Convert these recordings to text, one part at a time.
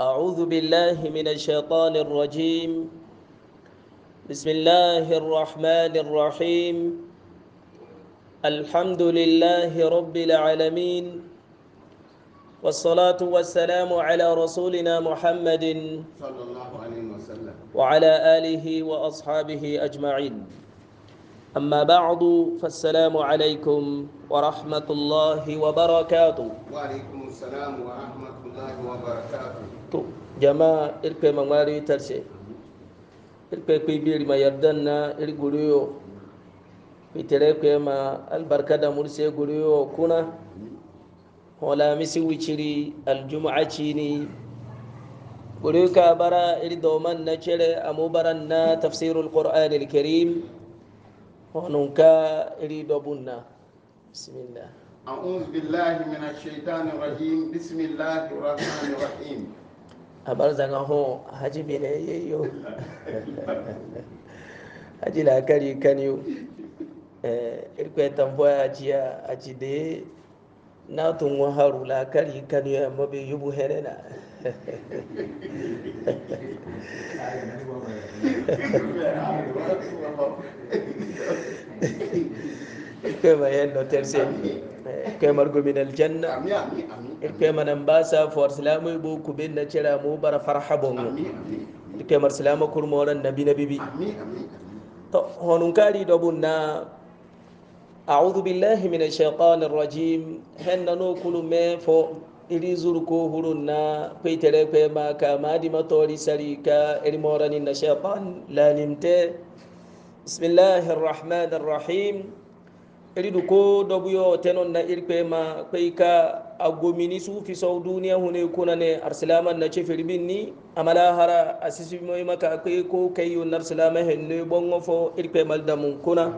أعوذ بالله من الشيطان الرجيم بسم الله الرحمن الرحيم الحمد لله رب العالمين والصلاة والسلام على رسولنا محمد صلى الله عليه وسلم وعلى آله وأصحابه أجمعين أما بعد فالسلام عليكم ورحمة الله وبركاته وعليكم السلام ورحمة الله وبركاته to jama irpe mangwari tarse irpe kwe biri ma yardan na ir guriyo fitere kwe ma albarka da murse guriyo kuna hola misi wiciri aljum'a cini guriyo ka bara ir doman na cire amubaran na tafsirul qur'an alkarim honunka iri dobunna bismillah أعوذ بالله من الشيطان الرجيم بسم الله الرحمن الرحيم abarzanga ho haji bine yeyo haji la kari kanyo eh irkwe tamboya ajiya aji de na tun wa haru la kari kanyo amma be yubu herena كما ينو ترسل كما رجو من الجنة كما نمباسا فور سلامو يبو كبين نجرى مبارا فرحة بونو كما سلامو كرمونا نبي نبي بي هنون كاري دوبنا أعوذ بالله من الشيطان الرجيم هن نوكل ما فو إلي زركو هرنا بيتره كما كما دي سريكا إلي موراني الشيطان لا نمت بسم الله الرحمن الرحيم iridu ko dobuyo tenon na irpe ma kai ka agomini su fi sau duniya hune kuna ne arsilaman na ce ni amala hara asisi mai maka kai ko kai yun arsilama henne bon ofo irpe maldamun kuna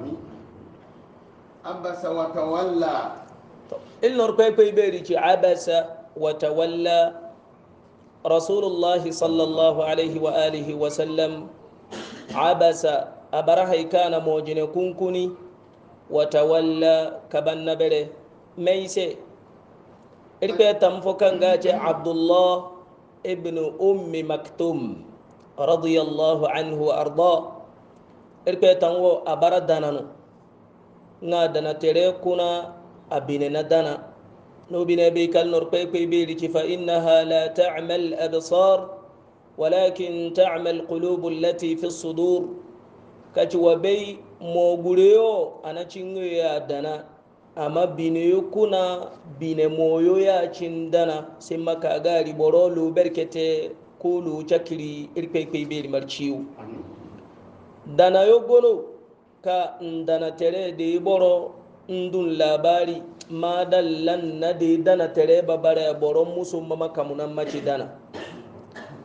abasa wa tawalla ilnor kai kai beri ci abasa wa rasulullahi sallallahu alaihi wa alihi wa abasa abara haikana mojine kunkuni watawalla kabanna bere meise irpe tamfo kanga ce abdullah ibnu ummi maktum radiyallahu anhu wa arda irpe tanwo a bara dananu nga dana tere kuna a binena dana نوبنا بك النرقيق بيلك فإنها لا تعمى الأبصار ولكن تعمى القلوب التي في الصدور كجوبي mogureyo anachinyo ya dana amma bineyo kuna bine moyo ya cin dana sai maka gari boro lu berkete ko lu cakiri irkwaikwai beri marciwo dana yo gono ka dana tere da yi boro ndun labari ma dallan na da dana tere babare boron musu mama kamunan mace dana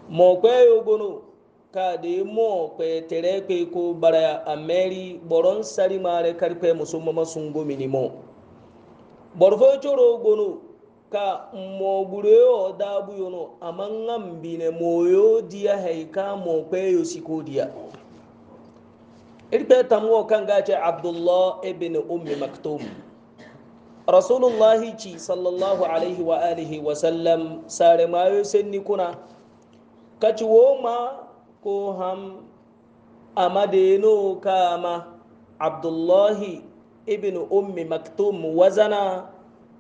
mo kwayo gono kade mo pe tere pe ko bara ameri boron sari mare karpe musumma masungo minimo borfo choro gono ka mo gure o dabu yono amanga mbine moyo dia heika mo pe yosiko dia irpe tamwo kanga che abdullah ibn ummi maktum rasulullahi ci sallallahu alaihi wa alihi wa sallam sare mayo senni kuna kaci woma ko ham amadeno kama abdullahi ibn ummi maktum wazana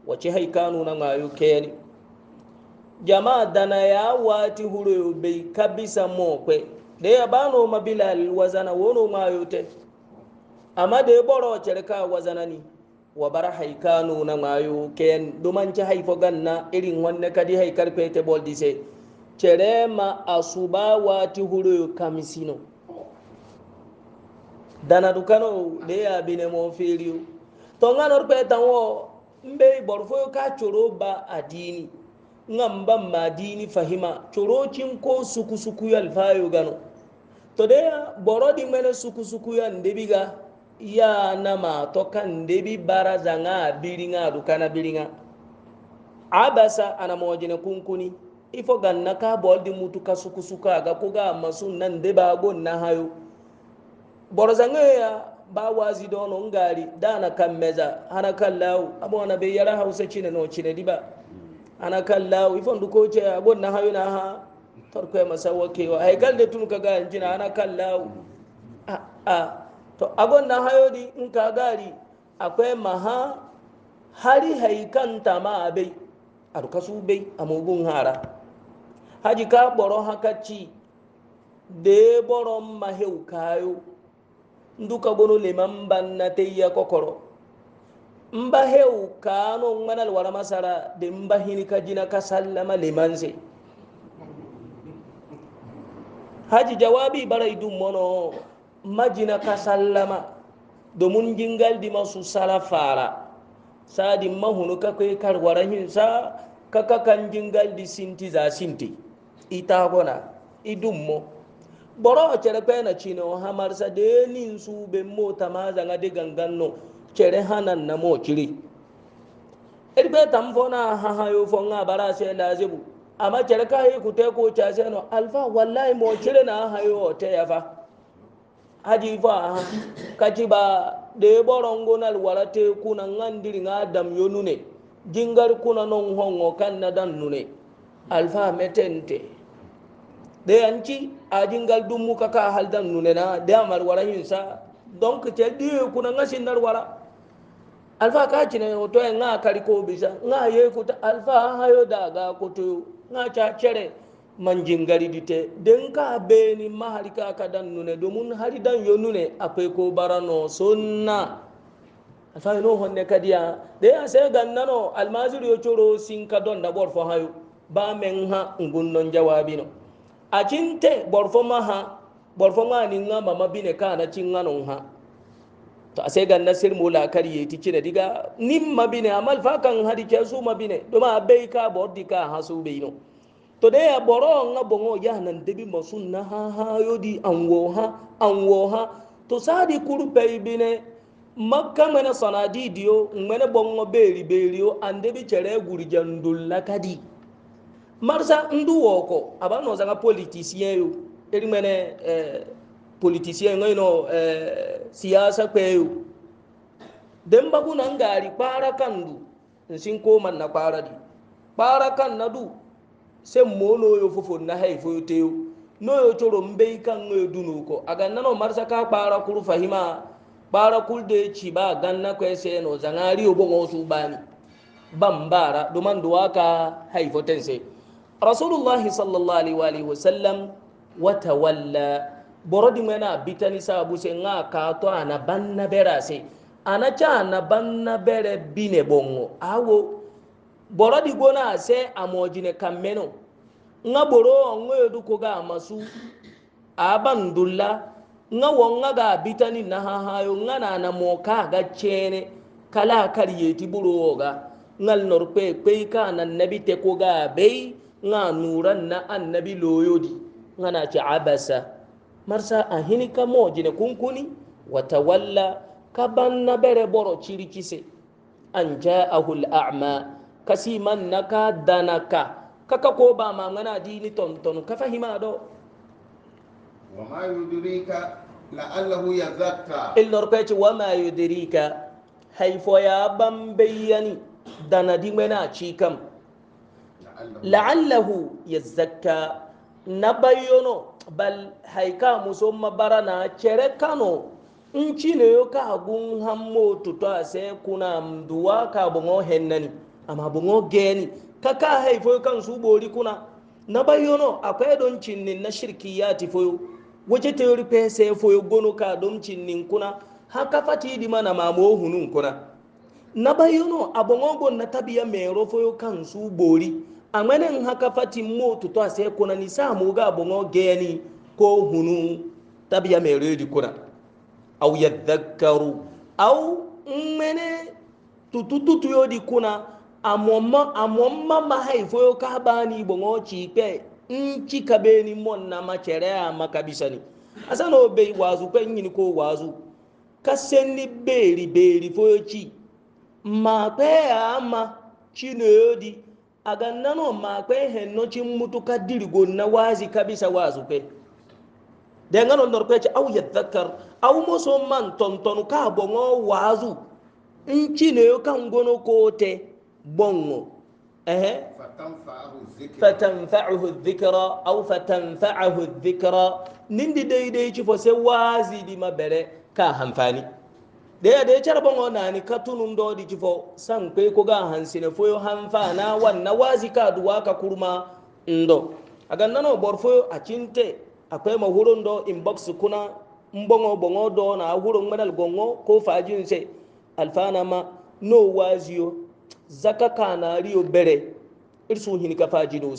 wace haikanu na mayu keni jama'a dana ya wati huro bai kabisa mokwe da ya bano ma bilal wazana wono mayu te amma da ya boro cerka wazana ni wa bar haikanu na mayu ken dumanci haifo ganna irin wanne kadi haikar pete boldise cerema asuba wati huroyo kamisino danadukano de yabine mo feriyo to ganor petan wo mbe borfoyo ka coro ba adini ngam ban ma dini fahima coro cinko sukusukuyo alfayo gano to deya borodi mene sukusukuyo ndebiga ya nama to kan ndebi baraza nga biri nga dukana biri nga abasa anamojine kunkuni ifo ganna ka bol di mutu ka suku suka ga ko ga masu nan de ba go na hayo borzanga ya ba wazi da wani ngari da na kan meza hana kan lawo abu wani bai yara hausa cine no cine diba hana kan lawo ifon duko ce abu na hayo na ha tarko ya masa wakewa haikal da tun ka ga injina hana kan lawo ah ah to agon na hayo di in ka gari akwai maha hari haikanta ma bai arkasu bai a mugun hara haji ka ɓoro hakacci de ɓoron ma hew kayo nduka gono leman banna teya kokoro mba hew kano ŋmanal wara masara de mba hini kajina ka sallama lemanse haji jawabi barai dum mono majina ka sallama domun jingal di masu sala fara sa di mahunu ka kwe kar wara hinsa ka ka kan jingal di sinti za sinti itagona idummo boro chere na chino hamar sa de nin su be mo tamaza ngade ganganno chere hanan na mo chiri irbe tamfona ha ha yo fonga bara se lazibu amma chere ka yi kute ko cha se no alfa wallahi mo chire na ha yo te ya fa haji fa kaci ba de boron gonal warate kuna ngandiri ngadam yo nune jingar kuna non hongo kan na dan nune alfa metente de yanci ajingal dum muka ka dan nunena de amar wara hinsa donc te di kuna ngasin dar wara alfa ka cine to en nga kali ko bisa nga ye ku ta alfa hayo daga ko to nga cha chere manjingari dite den ka be ni maharika ka dan nunene domun hari dan yo nune ape ko barano sunna alfa no honne kadiya de ya se gannano almazir yo choro sin ka don da bor fo hayo ba men ha ngunnon jawabino acinte borfoma ha borfoma aninga mama bine kana cinganon ha to ase ganna sir mula kar yeti cine diga nim mabine amal fa kan hadi ke su mabine do ma be ka bordi ka ha su beino to de ya boro nga bongo ya nan debi masunna ha ha yodi anwo ha anwo ha to sadi kuru be bine makka mena sanadi dio mena bongo beri beri o ande bi cere guri jandul lakadi marisa ndu woko aba no zanga politicien yo eri mene eh, politicien ngai no eh, siyasa kwe yo den bagu na gari kpara kan du nsin ko man na kpara di kpara kan na du se mo no yo fofo na hay fo yo teo no yo toro mbe kan yo du no ko aga nan no marisa ka kpara kuru fahima kpara kul de ci ba na kwe se no zanga ri obo ngo su bani bambara duman duwaka hay fo tense rasulullah sallallahu alaihi wa sallam watawalla borodi mena bitani sabu se nga ka to ana banna bera se ana cha ana banna bere bine bongo awo borodi gona se amojine kameno nga boro ongo yodu ko ga masu abandulla nga wonga ga bitani na ha ha yo nga na na moka ga chene kala kariyeti buro ga ngal norpe pe ka na nabi te ko ga bei nga nuran na annabi loyodi nga na ci abasa marsa a hini ka mo jine kunkuni wata walla ka ban na bere boro ciri kise an ja'ahu al'a'ma kasi man naka danaka kaka ko ba ma ngana dini tonton ka fahima do wa ma yudrika la'allahu yazakka illor pece wa ma yudrika haifo ya ban bayani dana mena ci kam la'allahu يزكى na bayyano bal haika muso mabara na cere kano in ci ne yo ka gun hammo tuto a sai kuna duwa ka bungo hennani amma bungo geni ka ka haifo kan su bori kuna na bayyano akwai don cinnin na shirki ya tifoyo waje ta yi pese foyo gono ka don cinnin kuna haka fati di mana mamo hunun kuna na bayyano abungo gon na tabiya mai rofoyo kan su bori amanin haka fati motu to sai kuna ni sa mu ga bongo geni ko hunu tabiya mai redi kuna au yadhakkaru au mene tutututu yodi kuna amomma amomma mahaifo yo ka bani bongo ci pe in ci kabe ni mon na macere a makabisa ni asana obe wazu pe yin ko wazu kasenni beri beri foyo ci ma pe ama di. aga nano ma kwe henno cin mutu kaddirgo na wazi kabisa wazu kwe da ngano ndor kwe ci au yadhakkar au moso man tontonu ka bongo wazu nci ne kan gono kote bongo ehe fatanfa'uhu dhikra au fatanfa'ahu dhikra nindi daidai ci fo se wazi di mabere ka hamfani daya da ya carban wana ni ka tunun do di kifo san kai ko ga hansine foyo hanfa na wanna wazi ka duwa ka kurma ndo aga nano bor foyo a cinte akwai mahurun do inbox kuna mbongo bongo do na hurun manal gongo ko fajin se alfana ma no waziyo zaka kanariyo bere irsu hinika fajido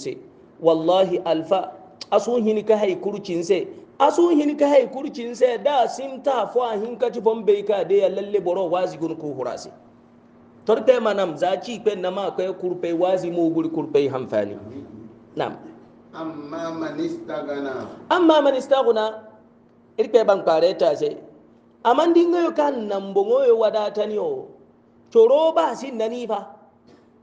wallahi alfa asu hinika haikurcin se asu hin ka hay kurcin sai da sim ta fo hin ka ci fon bai ka de ya lalle boro wazi gun ko hurase torte manam za ci pe na ma kai kurpe wazi mo guri kurpe hanfani nam amma man istagana amma man istagana irpe ban kare ta se aman dinga yo kan nan bongo yo wadata ni o coro ba sin nani fa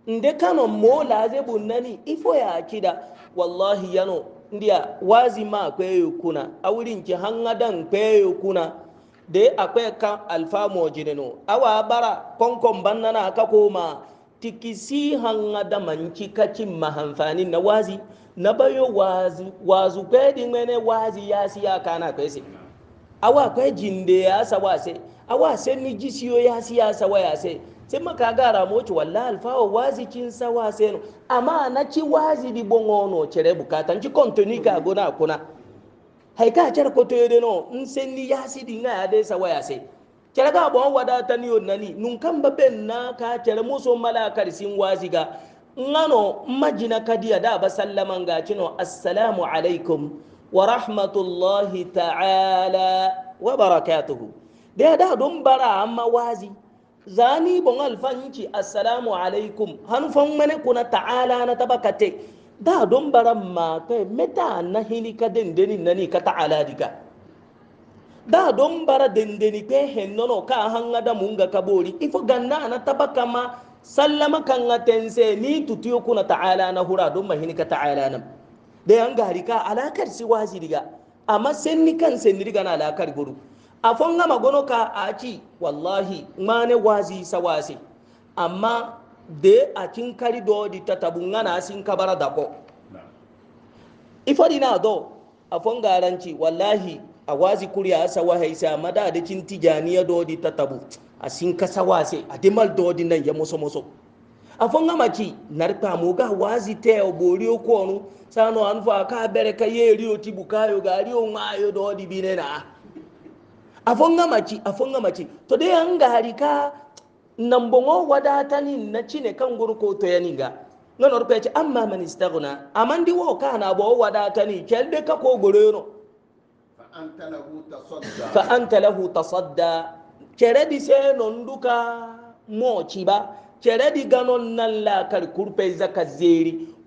inde kano mo ze bun nani ifo ya kida wallahi yano ndia wazi ma kwayo kuna a wurin ki hangadan kwayo kuna da akwai kan alfa mojinino awa bara konkon bannana aka koma tikisi hangada manci kacin mahamfani na wazi na bayo wazi wazu kwedi mene wazi ya siya kana kwese awa kwai jinde ya sawa se awa se ni jisiyo ya siya sawa ya se sai maka gara moci walla alfawa wazi kin sa wase no amma na ci wazi di bongo no cere bukatan ci kontoni ka gona kuna hay ka cer ko toyede no n senni yasi di nga ade sa waya se cere ga bon wada tani on nani nun kan ba ben na ka cere muso mala karsin wazi ga ngano majina kadiya da ba sallaman ga cino assalamu alaikum wa rahmatullahi ta'ala wa barakatuhu da da don bara amma wazi zani bon alfanci assalamu alaikum hanfan mane kuna ta'ala na tabakate da don baran ma kai meta na hini ka dendeni nani ka ta'ala diga da don bara dendeni kai hennono ka hanga da munga kabori ifo ganna na tabaka ma sallama kan tense ni tutiyo kuna ta'ala na hura don ma hini ka ta'ala nan da yan gari alakar si wazi diga amma sen ni kan sen diga na alakar guru afon ga magono ka aci wallahi mane wazi sawasi amma de akin kari do di tatabun ngana sin kabara da ko ifadi na do afon garanci wallahi a wazi kuriya sawa haisa mada da kin tijaniya do di tatabu a sin ka sawase a dimal do di nan ya moso moso afon ga maci narpa mu ga wazi te obori ko onu sano an fa ka bere ka yeri o kayo ga ri o mayo do di binena afonga maci afonga maci to dai an ga harika nambongo bongo wadata ni na cine kan guru ko to yani ga nan orpe ci amma man istaghna amandi wo ka na bo wadata ni kelde ka ko gure no fa anta lahu tasadda kere di se non duka mo ci ba kere di ganon nan la kar kurpe zaka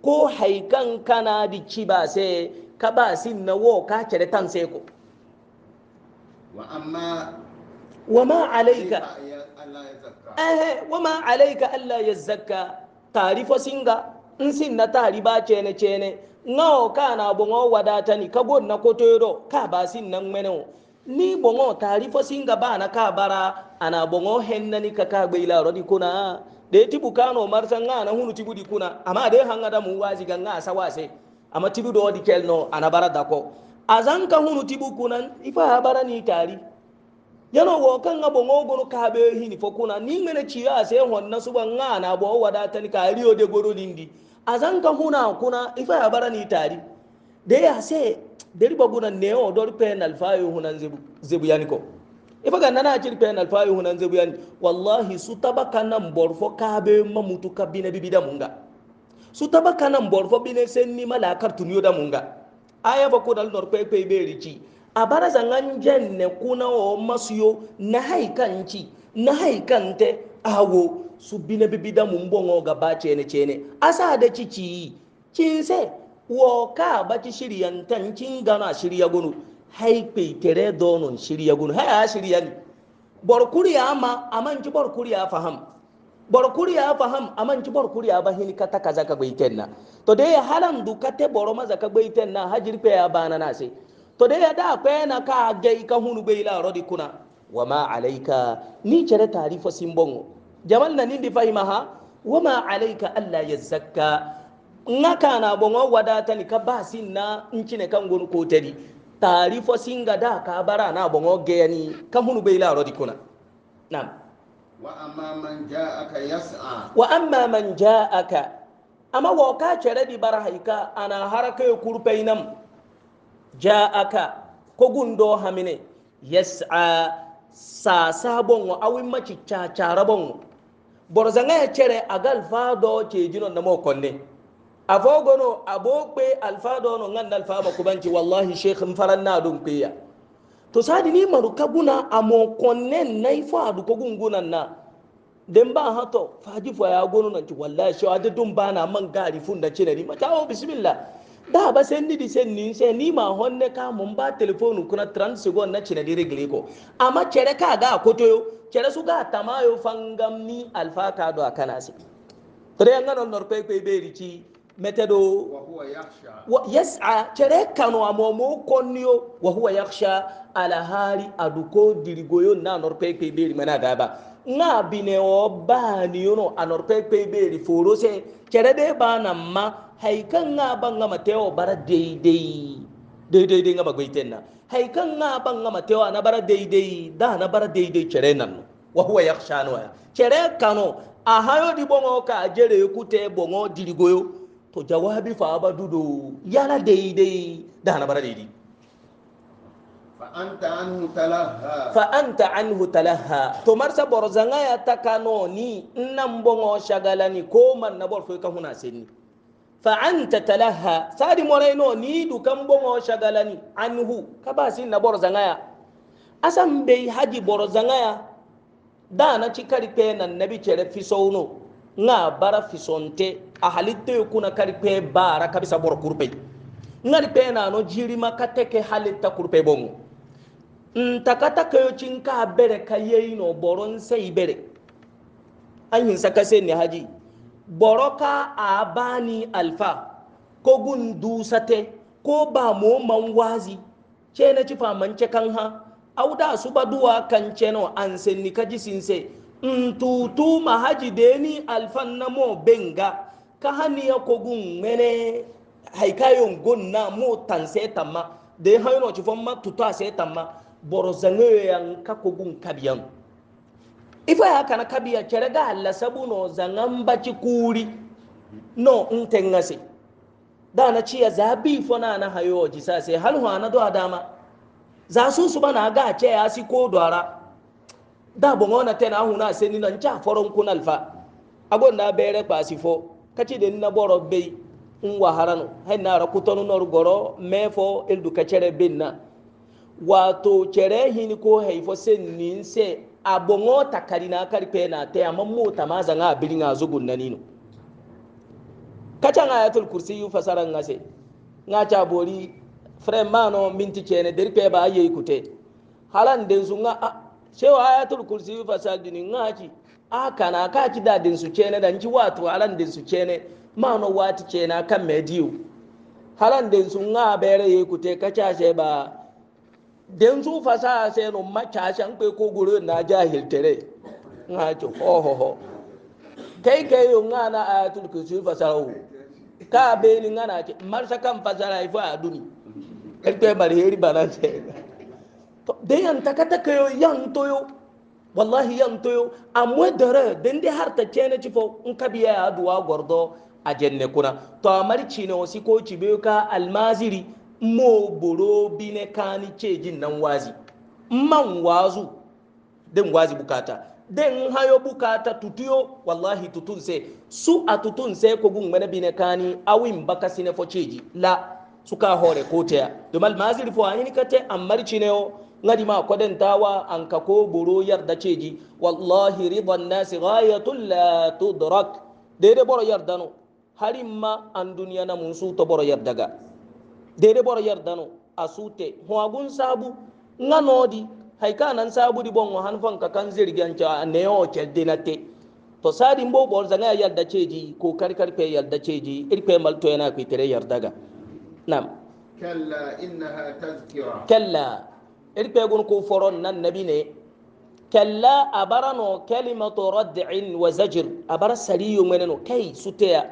ko haikan kana di ci se ka ba sin na wo ka kere tan se ko wa ma alayka eh wa ma alayka alla yazakka tarifo singa nsin na tariba chene chene ngao kana bongo wadatani kago na kotoyoro ka basin nan meno ni bongo tarifo singa bana ka bara ana bongo hennani ka ka gbeila rodi kuna de tibu kano marsa nga na hunu tibu di kuna amma de hangada mu wazi ga nga sawase amma tibu do di kelno ana bara dako azan ka hunu tibu kunan ifa habara ni tari yana wo kan ga bongo gono ka be hini fo kuna ni mene ci ya sai honna suba nga na bo wada tan ka riyo de goro lindi azan ka huna kuna ifa habara ni tari de ya sai deri baguna ne o dor penal fayo hunan zebu zebu yani ko ifa ga nana ci penal fayo hunan zebu yani wallahi su tabaka nan borfo ka be mamutu kabine bibida munga su tabaka nan borfo bine sen ni malakar tuniyo da munga aya bako ko dal dor pe pe be rici abara zangan jenne kuna o masuyo na haikanci na haikante awo su bine bibida mun bongo ba cene cene asa da cici kinse wo ka baci shiryan tan kin gana shirya gunu hai pe tere donon shirya gunu hai a shirya ni borkuri ama aman ki borkuri ya faham bor kuriya faham aman ki bor kuriya ba hin kata kaza ka gwaiten na to dai halan du kate boro maza ka gwaiten na hajir pe ya bana na sai to dai da pe na ka gai ka hunu bai la rodi kuna wama alaika ni cere tarifa simbongo jamal na nindi fahima ha wama alaika alla yazakka ngaka na bongo wadata ni ka basin na ncine kan gonu kotari tarifa singa da ka bara na bongo gayani ka hunu bai la rodi kuna na'am wa amma man ja'aka amma wa ka cere di bar haika ana haraka ya kurfai nan ja'aka ko gundo hamine yas'a sa sabon wa awin maci cacara bon borzanga ya cere agal fado ce jinon da mo konne afogono abokpe alfado no ngan alfa makubanci wallahi sheikh faranna dum kiya to sadi ni maru kabuna amon konnen nay fo adu ko gungunan na den ba hato faji fo ya gonu nan ci wallahi shi adu dum bana man gari fun da cire ni mata o oh, bismillah da ba sen ni di sen ni sen ni ma honne ka mun ba telephone kuna 30 second na cire di regle ko amma cire ka ga koto cire su ga tamayo fangam ni alfaka do akana si tare an ganon norpe pe be rici metedo yasa cere kano amomo konniyo wa huwa yakhsha ala hali aduko dirigoyo na norpepe beri mana daba nga bine o ba ni yono anorpepe beri foro se cere de ba na ma haikan nga ba nga mateo bara deidei deidei de nga ba goitenna haikan nga ba nga mateo na bara deidei da na bara deidei cere nan wa huwa yakhsha no cere kano a hayo di bongo ka jere kute bongo dirigoyo to jawabi fa ba dudo yana daidai da hana bara daidai fa anta anhu talaha to marsa bor zanga ya takano ni nan bongo shagalani ko man na bor ka huna senni fa anta talaha sadi moraino ni du kan bongo shagalani anhu ka ba sin na bor zanga ya asan bai haji bor zanga ya da na cikari pe nan nabi cere fisouno nga bara fisonte a halitta kuna karpe bara kabisa bor kurpe ngari pe na no jiri makate ke halitta kurpe bongo ntakata kayo chinka bere kaye no boron sai bere an saka sai ni haji boroka abani alfa ko gun dusate ko ba mo man wazi ce na ci famance kan ha auda su baduwa kan ce no an sen ni kaji sinse ntutu mahaji deni alfan na mo benga kahani ya kogun mene haikayon gonna mo tan sai tamma da hayno ci fon ma tuta sai tamma boro zangayan ka kogun kabiyan ifa ya kana kabiya kere ga alla sabuno zangan baci kuri no ntengase da na ciya zabi fona na hayo ji sa sai hal hwana do adama za su su bana ga ce ya si ko dora da bon ona tena huna sai ni nan cha foron kun alfa agon da bere pasifo kaci da na boro bai in wa harano hai na ra kutonu nor goro mefo ildu kacere bin na wato cere hini ko haifo sen nin se abongo takari na karpe na te amma mu ta maza nga bilin azugun na nino kacan ayatul kursi yu fasaran ngase nga cha bori frem mano minti cene derpe ba ayi kute halan den su nga ah, shewa ayatul kursi yu fasal dini nga ci a kana ka ki da din su cene dan ki wato alan din su cene ma no wati cena kan mediyo halan din su nga bere ye ku te ka cha she ba den su fasa se no ma cha shan kwe ko guru na jahil tere nga cho ho ho ho kai kai yo nga na ayatul kursi fasara wo ka be ni nga na ce marsa kan fasara ifa a duni kai kai bari heri bana se to de yan takata kayo yan toyo wallahi yan toyo amma dare dan dai har ta kene ci fo in ka biya ya duwa gordo a jenne kuna to amarci ne wasi ko ci biyo ka almaziri mo boro bi ne kani ce jin nan wazi man wazu den wazi bukata den hayo bukata tutuyo wallahi tutun su a tutun ko gun mana bi kani awin baka sine fo ceji la suka hore ko teya domal maziri fo anini kate amarci ne o ngadi ma koden tawa an ka ko boro yarda ceji wallahi ridan nasi ghayatun la tudrak dede boro yardano harimma an duniya na mun su to boro yardaga dede boro yardano asute huagun sabu nganodi haika nan sabu di bongo hanfan ka kan zirgan ca ne o celdinate to sadi mbo bor zanga yarda ceji ko kar kar pe yarda ceji irpe malto yana ku tere yardaga nam kalla innaha tazkira kalla irpegun ku foron nan nabi ne kalla abara no kalimatu radd'in wa zajr abara sariyo mene no kai suteya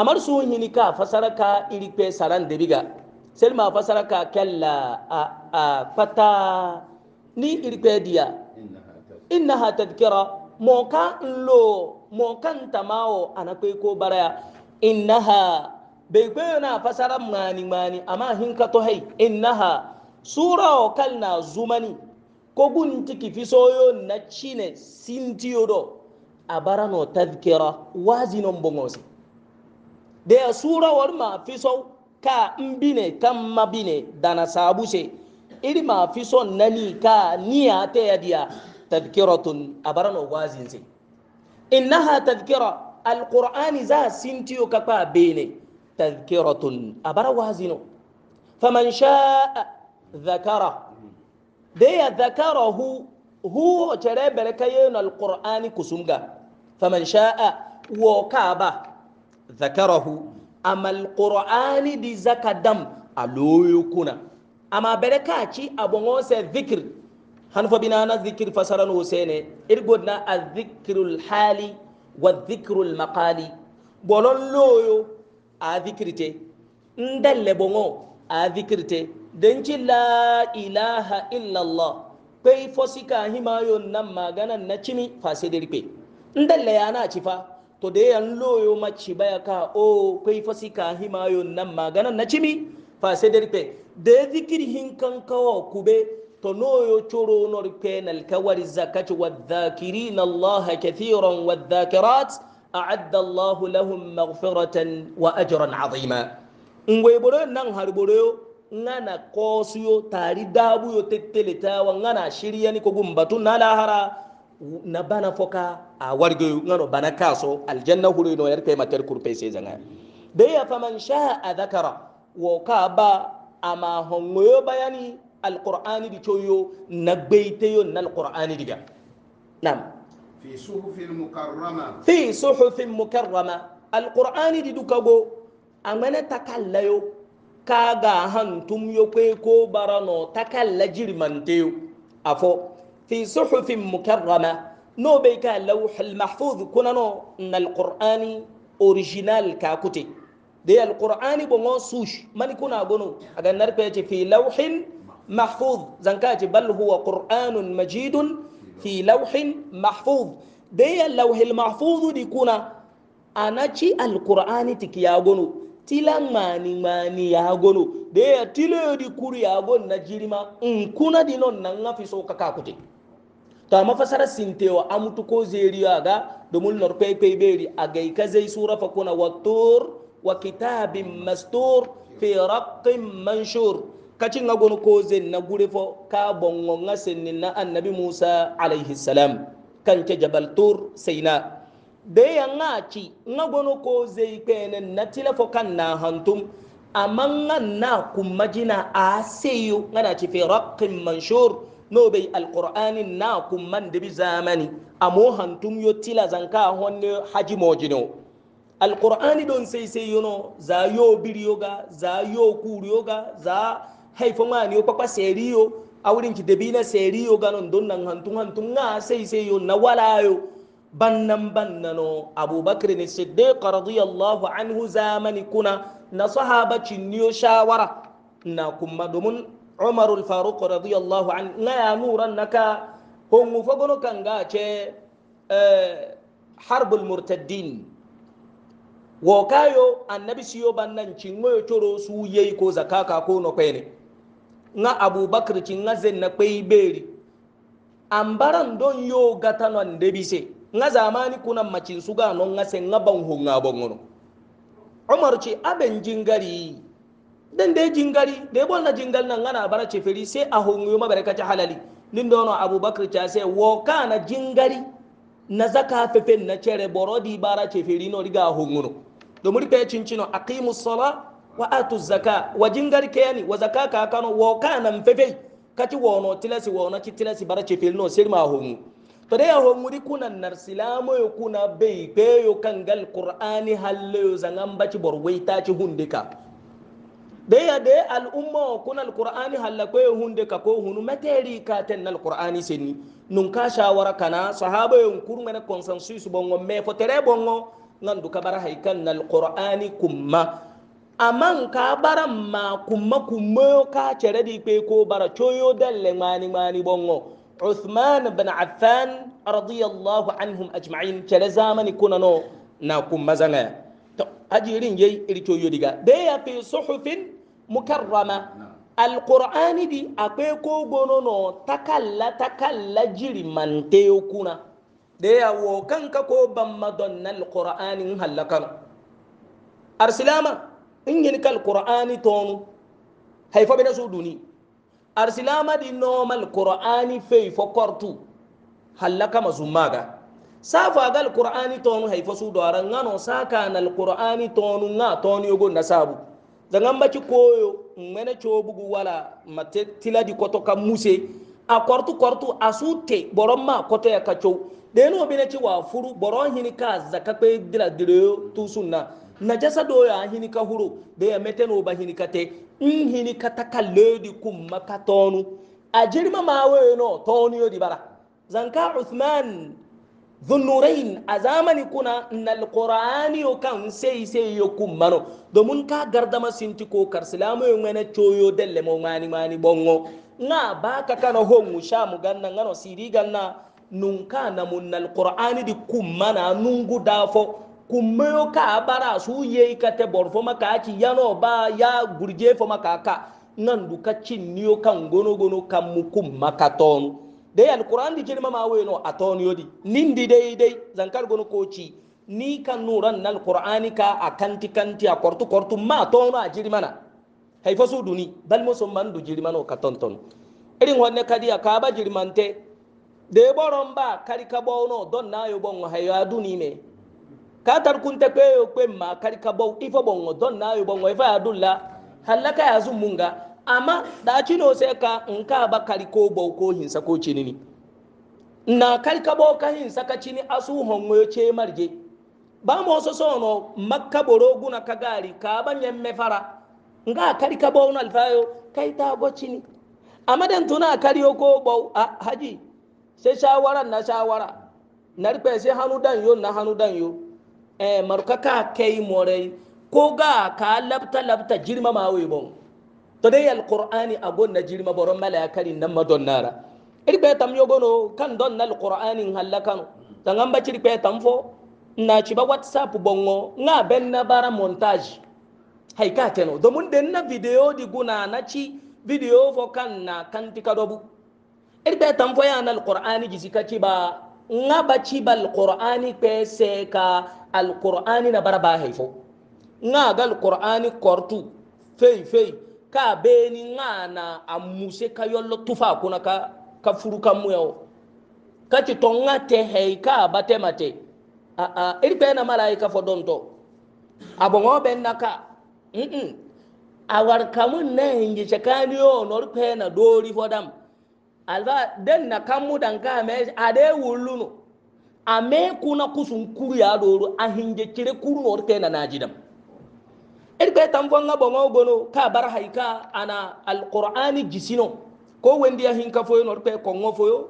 amar su hini ka fasara ka irpe saran debiga selma fasara ka kalla a, a fata ni irpe diya innaha tadhkira mo ka nlo mo kan tamawo anakwe ko baraya innaha bai kwayo na fasara mani mani amma hin to hai innaha sura o na zumani kogun tiki fisoyo na chine sintiyodo a barano tadhkira wazinon bongosi da ya sura war ma fiso ka mbine kan mabine da na sabuse iri ma fiso nani ka niya ta yadiya tadhkiratun a barano wazinse innaha tadhkira alqur'ani za sintiyo ka pa bene tadhkiratun a bara wazino faman sha'a ذكره، deya dhakarahu هو cere bere kayeno alqur'ani kusumga faman sha'a ذكره kaba dhakarahu ama alqur'ani di zakadam aloyo kuna ama bere kaci abongo se dhikr hanfo binana dhikr fasarano sene irgodna adhikrul hali wadhikrul maqali bolon loyo a dhikirte ndalle bongo a denci la ilaha illallah kwai fosi ka himayon nan maganan na cimi fase da rufe ya na cifa to da yan loyo maci baya ka o kwai fosi ka himayon nan maganan na cimi fase da da zikir hin kan kawo kube to noyo coro no penal nalkawar zakaci wa zakirin Allah kathiran wa zakirat a'adda Allah lahum maghfiratan wa ajran azima ngwe boro nan har boro ngana kosiyo tari dabu yo tetteletawa ngana shiryani kogum batu na lahara na bana foka a warge ngano bana kaso aljanna huru no yar kai matar kurpe sai zanga da ya faman sha'a dhakara wa ka ba ama hongoyo bayani alqur'ani di choyo na beiteyo na alqur'ani diga nam fi suhufin mukarrama fi suhufin mukarrama alqur'ani di dukago amana takallayo kaga hantum yokwe ko barano takalla jirmante afo fi suhufin mukarrama no be ka lawhul mahfuz kunano na alqur'ani original ka kute de alqur'ani bo sush man kuna gono aga narpe ce fi lawhin mahfuz zanka ce bal huwa qur'anun majidun fi lawhin mahfuz de lawhul mahfuz di kuna anachi alqur'ani tikiya gono tila ŋmaani ŋmaani yagono deya tileyo di kuru yagon na jirima nkuna di non na ŋa fiso kaka kute to ama fasara sintewa amutu ko zeriyo ga domin nor peipei beri agai ka zai sura fa kuna wattur wa kitabin mastur fi raqqin manshur kaci ŋa gono ko zen na gure fo ka bongo ŋa sennin na annabi musa alayhi salam kanke jabal tur sayna de ya nga ci nga gono ko zai kene na tilafo kan na hantum amma nga na kuma jina a seyo nga na ci fi raqqin manshur no bai alqur'ani na kuma da bi zamani amo hantum yo tila zanka honne haji mojino alqur'ani don sai sai yono za yo biriyoga za yo kuriyoga za haifo ma ne papa seriyo awurin ki dabina seriyo ganon don nan hantum hantum nga sai sai yo na walayo bannan bannano abubakar ne siddiq radiyallahu anhu zamani kuna na sahabaci niyo shawara na kuma domin umar faruq radiyallahu an na ya nuran naka hongu fagono kan ga harbul murtaddin wo kayo annabi siyo bannan cingoyo coro su yayi ko zakaka ko no kwene nga abubakar cinga zen na kwai beri ambaran don yo gatanon debise nga zamani kuna macin suga no nga se nga ban ho nga bongono umar ce aben jingari dan dai jingari da yabo na jingal nan ngana bara ce feri sai a ho ma baraka ta halali nin dono abubakar ta sai wo kana jingari na zaka fefen na cere borodi bara ce feri no riga ho ngono domin pe cincino aqimus sala wa atu zaka wa jingar keyani wa zaka kano wo kana fefe kati wono tilasi wono ki tilasi bara ce feri no sirma ho mu tore ya romuri kuna narsilamo yo kuna bei pe yo kangal qur'ani halle yo zangan baci borwai ta ci hundika da ya da al'umma kuna Qurani halle ko yo hundika ko hunu materi ka tan alqur'ani seni nun ka shawara kana sahaba yo kurma na consensus bongo me fo tere bongo nan duka bar haikan alqur'ani kumma aman ka bara ma kumma kumma ka cere di pe ko bara choyo dalle mani mani bongo uthman bin affan radiyallahu anhum ajma'in kele zamani kuna no na kun mazanga ya to ajirin yayi irco yo diga da ya fi suhufin mukarrama alqur'ani di akwai ko gono no takalla takalla jiri mante kuna da ya wo kanka ko ban madonna alqur'ani halakan arsilama in yin kal qur'ani tonu haifa bi su duni arsilama di normal qur'ani fei fo kortu halaka mazumaga safa gal qur'ani tonu hay fo sudora ngano saka nal qur'ani tonu nga tonu yogo nasabu daga mbaki koyo mene chobugu wala mate tiladi koto muse a kortu kortu asute boromma koto ya kacho deno bine ci wa furu boron hini ka zaka pe dira dire tu sunna najasa do ya hini ka huru de ya meteno ba hini ka te in kataka kata kalledi kumma ka tonu a jirma ma weno tonu yodi bara zanka uthman dhunurain a zamani kuna nal qur'ani yo kan sei sei yo kummano domin ka gardama sinti ko karsilamu yo ngana choyo delle mo mani mani bongo nga baka kana hongu shamu ganna ngano siri ganna nunka namun nal qur'ani di kummana nungu dafo kummeyo ka bara su ye ikate borfo makaci yano ba ya gurje fo makaka nan duka cinniyo kan gono gono kan mukum makatonu dai alquran di jirma ma weno atonyo di nindi dai dai zankar gono koci ni kan nuran nan alqurani ka akanti kanti a kortu kortu ma tono a jirmana hay fasu duni bal mo somman du jirmano katonton irin wanne kadi a kaba jirmante de boron ba kari ka bono don nayo bon hayo duni me katar kunta kweyo kwe ma karika bau ifo bongo don na yo bongo ifa adulla halaka ya munga amma da cino sai ka in ka ba kariko bau ko hinsa ko cinini na karika bau ka hinsa ka cini asu hongo ce marje ba mo so so no makka boro guna ka gari ka ban yan me fara nga karika bau na alfayo kai ta go cini amma dan tuna kariyo ko bau a haji sai shawara na shawara narpe sai hanu dan yo na hanu dan yo eh marka ka kai morai ko ga ka labta labta jirma ma wai bon to dai alqur'ani agon na jirma boron malakarin nan madonnara irbe tam yogono kan don na alqur'anin halakan tangan ba cirpe tam fo na ci ba whatsapp bongo nga ben na bara montage hay ka teno domin den na video di guna na ci video fo kan na kan tikadobu irbe tam fo ya na alqur'ani jisika ci ba nga baci bal qur'ani pe se ka al qur'ani na baraba haifo nga gal qur'ani kortu fei fei ka beni nga na amuse ka yollo tufa kuna ka ka furu ka muyo ka ci to nga te hei ka bate mate a a iri pe na malaika fo donto abongo ben naka mm, -mm. awar kamun na hingi chakani yo nor pe na dori fo dam alba den na kamu danka me ade wulunu ame kuna kusun kuru ya doru ahinje cire kuru no norte na najidam irbe tambon ga bongo bono ka bar haika ana alquran jisino ko wendi ahin ka foyo norte kongo foyo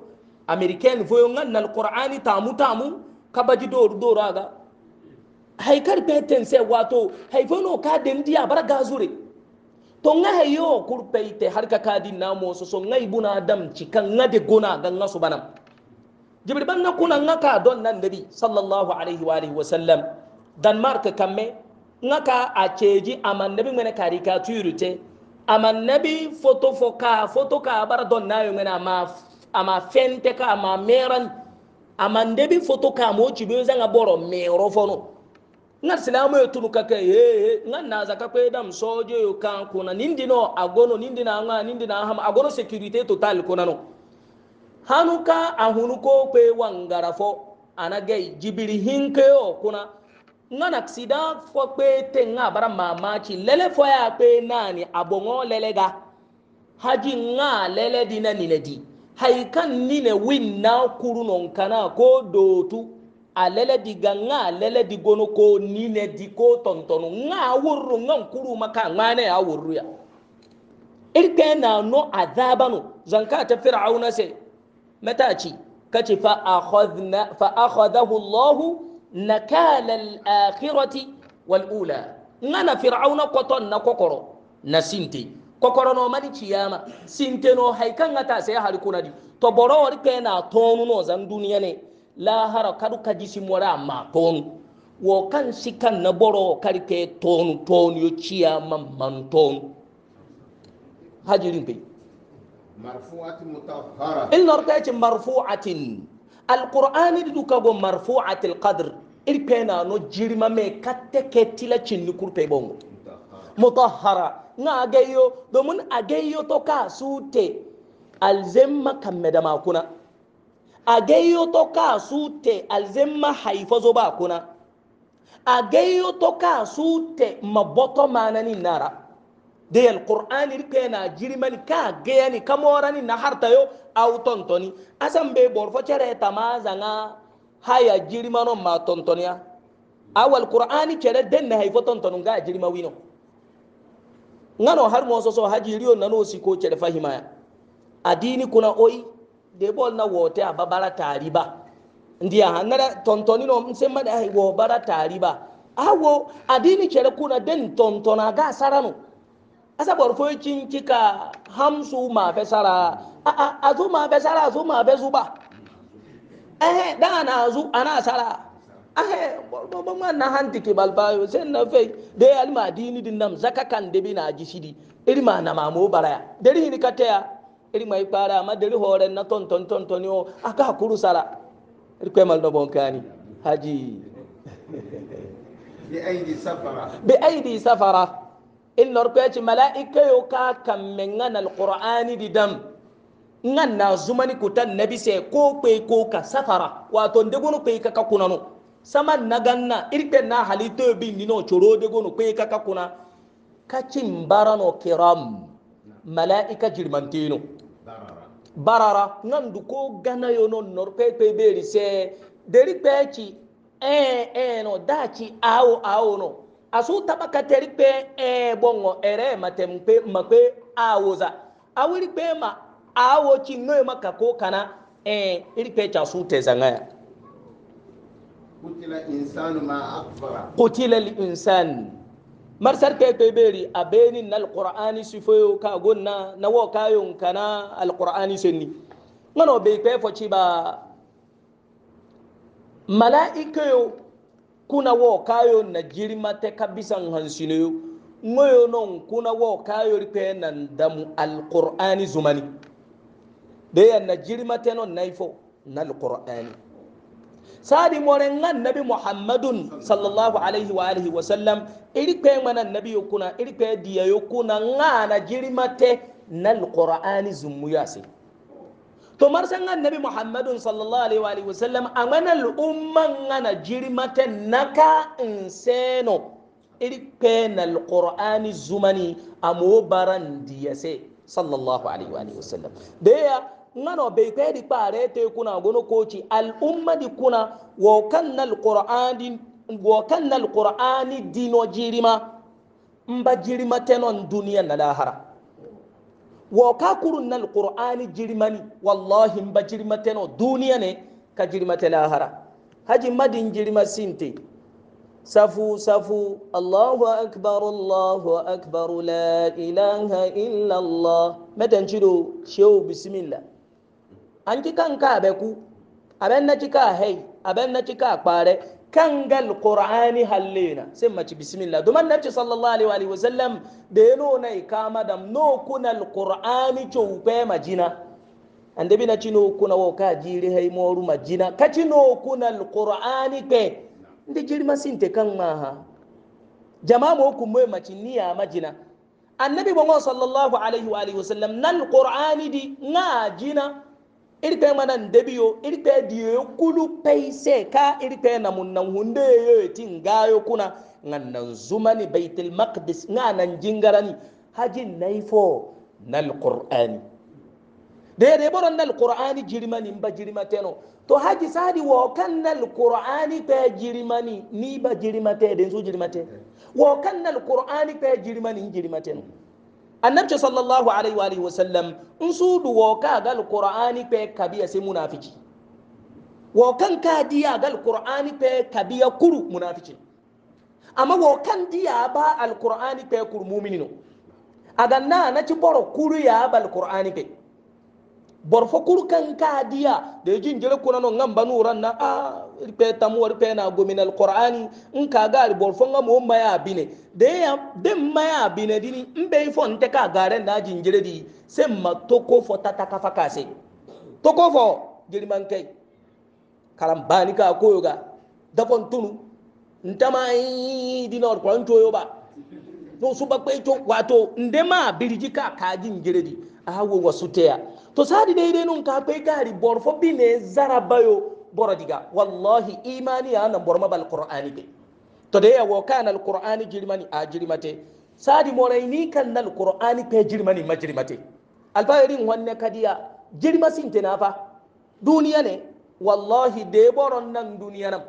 american foyo ngan alqur'ani tamu tamu kabaji doru doru aga haikar peten se wato haifono ka dendi abara gazure to nga hayo kurpeite har ka kadi na mo so so ngai buna adam cikan nga de gona ga nga subana jibril ban na kuna nga ka don nan nabi sallallahu alaihi wa alihi wa sallam danmark kamme nga ka a ceji aman nabi ngene caricature te aman nabi foto foka foto photo ka bara don na yo ngene ama ama fente ka ama meran aman nabi foto ka mo cibe zanga boro mero ngar silamu yo tunu kake he ngar na zaka kwe dam sojo yo kan kuna nindi no agono nindi na nga nindi na ham agono security total kuna no hanuka ahunu ko kwe wangara fo anage jibiri hinke yo kuna ngan aksida fo kwe te nga bara mamachi lele fo ya kwe nani abongo lele ga haji nga lele dina nile di haikan nine win na kuru nonkana ko dotu alele diga nga alele digono ko nine diko tontono nga wurru nga nkuru maka ngane ya wurru ya irke na no azabanu zanka ta fir'auna sai mataci kace fa akhadna fa akhadahu Allah nakala al-akhirati wal ula ngana fir'auna koton na kokoro na sinte kokoro no mani ciyama sinte no haikan ngata sai har kuna di to boro irke na tonu zan duniya ne lahara kadu kajisi mora ma tonu wo kan sikan na boro karke tonu tonu yo ciya man tonu hajirin bai marfu'atin mutahhara il norta ce marfu'atin alqur'ani duka go marfu'atil qadr il pena no jirma me katte ketila cinni kurpe bongo mutahhara na ageyo domin ageyo to sute alzemma kamme da ageyoto ka sute alzemma haifazo ba kuna ageyoto ka sute maboto manani nara de alqur'ani rike na jirimani ka geyani kamorani na hartayo au tontoni asan be borfo cere tamaza nga haya jirimano ma tontonia awal qur'ani cere den na haifo tontonu nga jirima wino ngano har mo so so hajiriyo nano siko cere fahimaya adini kuna oi debol na wote a babara tariba ndiya hanara tontoni no msemma da ai eh, wo bara tariba awo adini kere kuna den tontona ga no asa bor fo kika hamsu ma fe sara a a azu ma fe sara azu ma fe zuba eh da na azu ana sara eh bo ma na hanti ke balba sen na fe de alma dini din nam zakaka kan na jisidi irma na mamu baraya dari ni kataya Eri mai para ma dari horen na ton ton ton ton yo aka kuru sara iri kwe mal dobon kani haji bi aidi safara bi aidi safara in nor kwe ci malaika yo ka kamme ngana alqur'ani di dam ngana na zumani kutan nabi se ko kwe ko ka safara wato ndegono kwe ka kakunano sama naganna iri kwe na halito bi nino choro degono kwe ka kakuna kacin barano kiram mala'ika jirmantino barara nan ko gana yo non nor pe pe beri se deri pe ci eh eh no da ci awo awo no asu tabaka teri pe eh bongo ere matem pe makwe awoza awiri pe ma awo ci no maka ko kana eh iri pe ci asu te zanga kutila insanu ma akbara. kutila al insanu marsar kai kai beri a benin na alqur'ani sifoyo ka gonna na wo kayon kana alqur'ani senni ngano be kai foci ba malaikayo kuna wo kayo na jirma te kabisan hansinoyo ngoyo non kuna wo kayo ripe nan damu alqur'ani zumani de ya na jirma te non naifo na alqur'ani sadi moren ngan nabi muhammadun sallallahu alaihi wa alihi wa sallam iri pe mana nabi yokuna iri pe diya yokuna ngana jirimate nal qur'ani zumuyasi to marsan ngan nabi muhammadun sallallahu alaihi wa alihi wa sallam amana al umma ngana jirimate naka inseno iri pe nal qur'ani zumani amobaran diya se sallallahu alaihi wa alihi wa deya ngano be kwe di pare te kuna gono koci al umma di kuna wo kanna al qur'ani wo kanna al qur'ani dino jirima mba jirima tenon duniya na lahara wo ka kurun na al qur'ani jirimani wallahi mba jirima tenon duniya ne ka jirima te lahara haji madin jirima sinte safu safu allahu akbar allahu akbar la ilaha illa allah medan cido shehu bismillah anki kanka abeku aben na cika hai aben na cika kware kangal qur'ani hallena sai mace bismillah domin nabi sallallahu alaihi wa alihi wasallam da yano nai kama da no kunal qur'ani choupe majina ande bi na chino kuna wo ka jiri hai moru majina ka chino kunal qur'ani pe ndi jiri masinte kan maha jama'a mo kumwe machiniya majina annabi bongo sallallahu alaihi wa alihi nan qur'ani di ngajina irpe mana ndebiyo irpe diyo kulu paise ka irpe na munnan hunde yo tin gayo kuna ngannan zumani baitul maqdis nganan jingarani hajin naifo nal qur'ani de de boron nal qur'ani jirmani mba jirmateno to haji sadi wo kan nal qur'ani pe jirmani ni ba jirmate den su jirmate wo kan nal qur'ani pe jirmani jirmateno annabci sallallahu alaihi wa alihi wasallam in su duwo ka gal qur'ani pe kabiya sai munafiki wo kan ka diya gal qur'ani pe kabiya kuru munafiki amma wo kan diya ba al qur'ani pe kuru mu'minino aga na na ci boro kuru ya bal qur'ani pe borfo kurkan kadiya da yajin jere kuna non ngam banu ranna a pe tamu war pe na ah, gomin alqur'ani in ka ga borfo ngam o maya bine de ya de maya bine dini in be fo nte ka gare na jinjere di se ma toko fo tata ka fakase toko fo jiri man kai karam bani ka koyo ga da fon tunu ntama yi dina alqur'an to yo ba no su ba pe to wato ndema birji ka ka jinjere di a hawo wasu teya to sadi daidai nun ka kai gari bor fo bine zara bayo boro diga wallahi imani ya nan bor mabal qur'ani be to de ya wo kana al qur'ani jirmani a jirmate sadi morai ni kan al qur'ani pe jirmani majirmate alfayirin wanne kadiya jirma sinte na duniya ne wallahi de boron nan duniya nan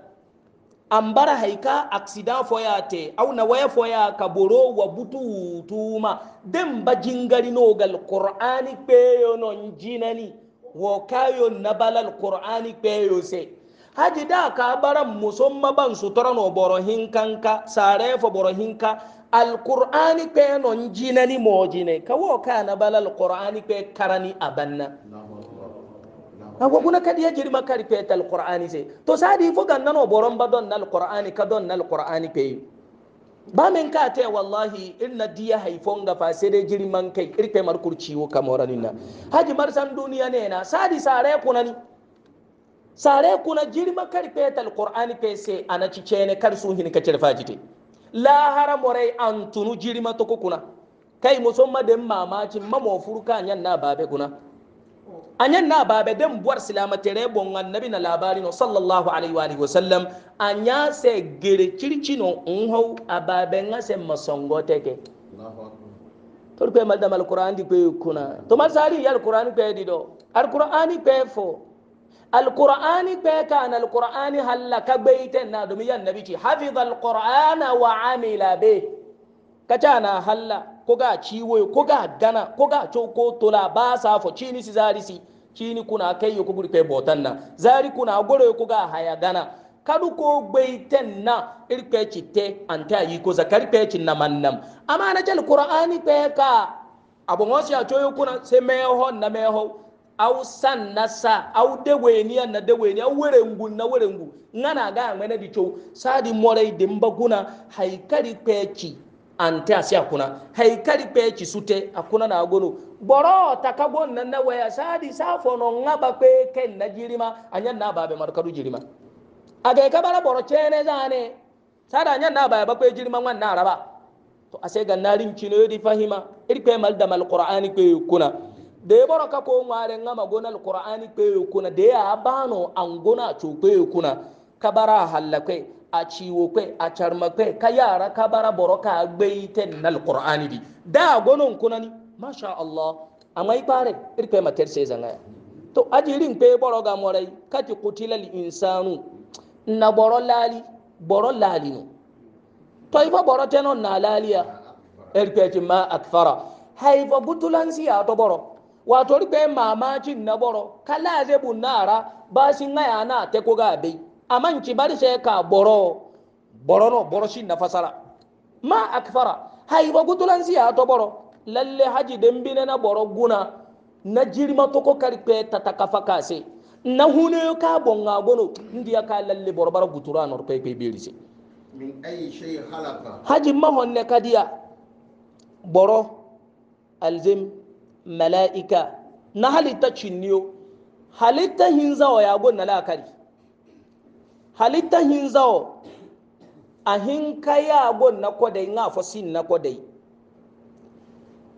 ambara haika aksida foyate au na waya foya kaboro wa butu tuma dem ba bajingari no gal qur'ani peyo no jinani wo kayo nabala qur'ani peyo se haji da ka baran musomma ban sutora no boro hinkanka sare fo boro hinka alqur'ani pe no jinani mojine ka wo ka nabala Qurani pe karani abanna no ago guna kadi ya jirma kari pe tal qur'ani se to sadi fo gan nano boron ba don nal qur'ani ka don nal qur'ani pe ba men ka te wallahi inna diya haifon ga fa sai dai jirman kai irpe mar kurciwo kamoranin na haji mar san duniya ne na sadi sare kunani sare kuna jirma kari pe tal qur'ani pe se ana cicene kar su hin ka cirfa jite la haramorai antunu jirma to kuna kai musamman da mamacin mamofurka yan na babe kuna anyan na babe den buwar silama tere bon annabi na labari no sallallahu alaihi wa alihi wasallam anya se gere kirci no unho ababe nga se masongo teke to ko mal dam alquran di ko kuna to mal sari yal alquran ko di do alquran ko fo alquran ko kan alquran halaka baiten na do mi yan ci hafiz alquran wa amila be kacha na halaka Koga ga ciwo ko gana koga ga coko tola ba sa fo cini si zari si cini kuna kai ko gurpe botan na zari kuna goro ko ga haya gana kadu ko gbeiten na irpe chite ante yi ko zakari pe cin na mannam amma na jal qur'ani pe ka abu ngosi a coyo kuna se meho na meho au san na sa au deweniya na deweniya au werengu na werengu ngana ga amene di cow sadi morai dimba guna haikari peci ante asi akuna haikali pe chisute akuna na agonu boro takagon nan na waya sadi safo no ngaba pe ken na jirima anyan na babe markadu jirima aga ka bara boro chene zane sada anyan na babe pe jirima wan na araba to ase ga narin chino di fahima iri pe mal da mal qur'ani pe kuna de boro ka ko ngare ngama gonal qur'ani pe kuna de abano bano angona chu kuna kabara halakai a ciwo kwe a charma kwe ka yara ka bara boro ka gbai ten nal qur'ani di da gonon kunani masha Allah amai pare irpe mater sai zanga to ajirin pe boro ga morai kati qutilal insanu na boro lali boro lali no to ifa boro teno na laliya irpe ti ma akfara haifa butulansi ya to boro wato irpe mamaci na boro kala zebu nara basin na te ko ga bai amanci bari sai ka boro boro no boro shi na fasara ma akfara hay ba gutulan siya to boro lalle haji dambi na boro guna na jirma to ko karpe ta takafa kase na hune ka bonga gono ndiya ka lalle boro bara gutura no pe pe beri se min ayi shay halafa haji ma honne kadiya boro alzim malaika na halitta cinniyo halitta hinzawa ya gonna lakari halitta hinzawo a hinkaya gon na kodai nga fosin na kodai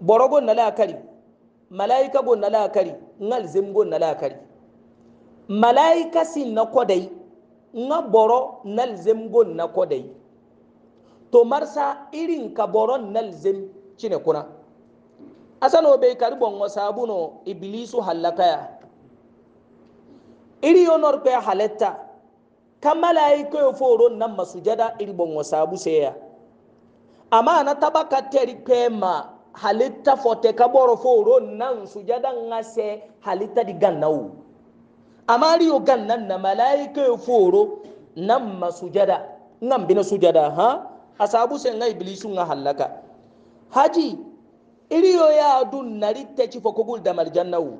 boro gon na lakari malaika gon na lakari ngal zim gon na lakari malaika sin na kodai nga boro nal zim gon na kodai to marsa irin ka boro nal zim cine kuna asano be karbon wa sabuno iblisu hallakaya iri yonor pe halatta ka malaika yo foro nan masujada irbon wasabu seya amma na tabaka teri pema halitta fote ka boro foro nan sujada ngase halitta di gannawo amma riyo gannan na malaika yo foro nan masujada nan bina sujada ha asabu se nga iblisu nga halaka haji iriyo ya dun naritte ci fokogul da marjannawo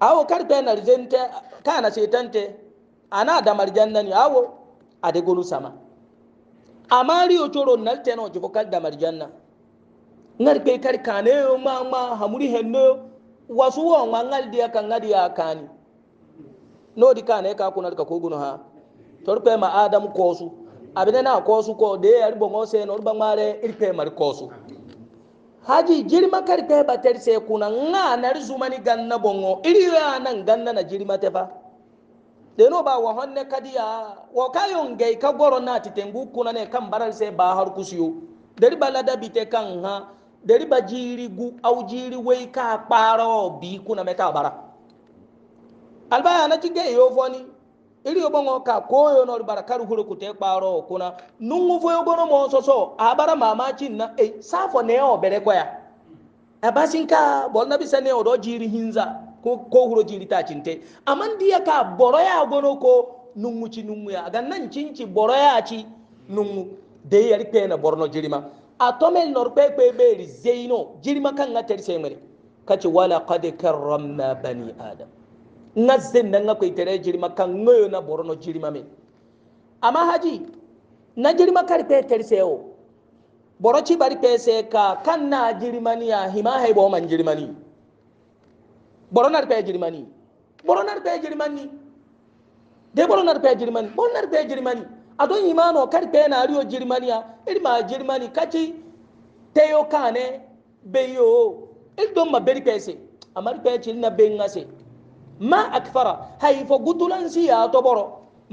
awo karpe narzente kana setante ana damar jannani awo ade gonu sama amari o coro nalte no jiko kal damar janna ngar pe ma ma hamuri henno wasu wo ngal dia kan ngadi ya kani no di kane ka kunar ka koguno ha torpe ma adam kosu abine na kosu ko de yar bongo se no ba mare irpe mar kosu haji jirma kar pe bater se kuna nga nar zumani ganna bongo iri ya nan ganna na jirma te fa deno ba wa honne kadiya wa kayon gai ka goro na titengu kuna ne kan baral sai ba har kusiyo dari ba lada bite kan ha dari ba jiri gu au jiri wai ka kparo bi kuna me ka bara albaya na cige yo foni iri yo bongo ka koyo no bara kar huru ku te kparo kuna nungu fo yo gono mo soso a bara mama cin na e eh, safo ne o bere koya abasin ka bol na bisane o do jiri hinza ko ko huro jirita cinte aman dia ka boroya gono ko nungu ci nungu ya aga nan cinci boroya ci nungu de yari pena borno jirima a tomel nor pe pe beri zeino jirima kan ga terse mare kace wala qad karramna bani adam nazzin nan akwai tare jirima kan ngoyo na borno jirima me amma haji na jirima karfe terse yo boroci bari pese ka kan na jirimani ya hima haibo man jirimani boronar pe jirmani boronar pe jirmani de boronar pe jirmani boronar pe jirmani adon imano kar pe na riyo jirmaniya irma jirmani kaci teyo kane beyo ildon ma beri pese amari pe cirna bengase ma akfara hay fo gutulansi ya to boro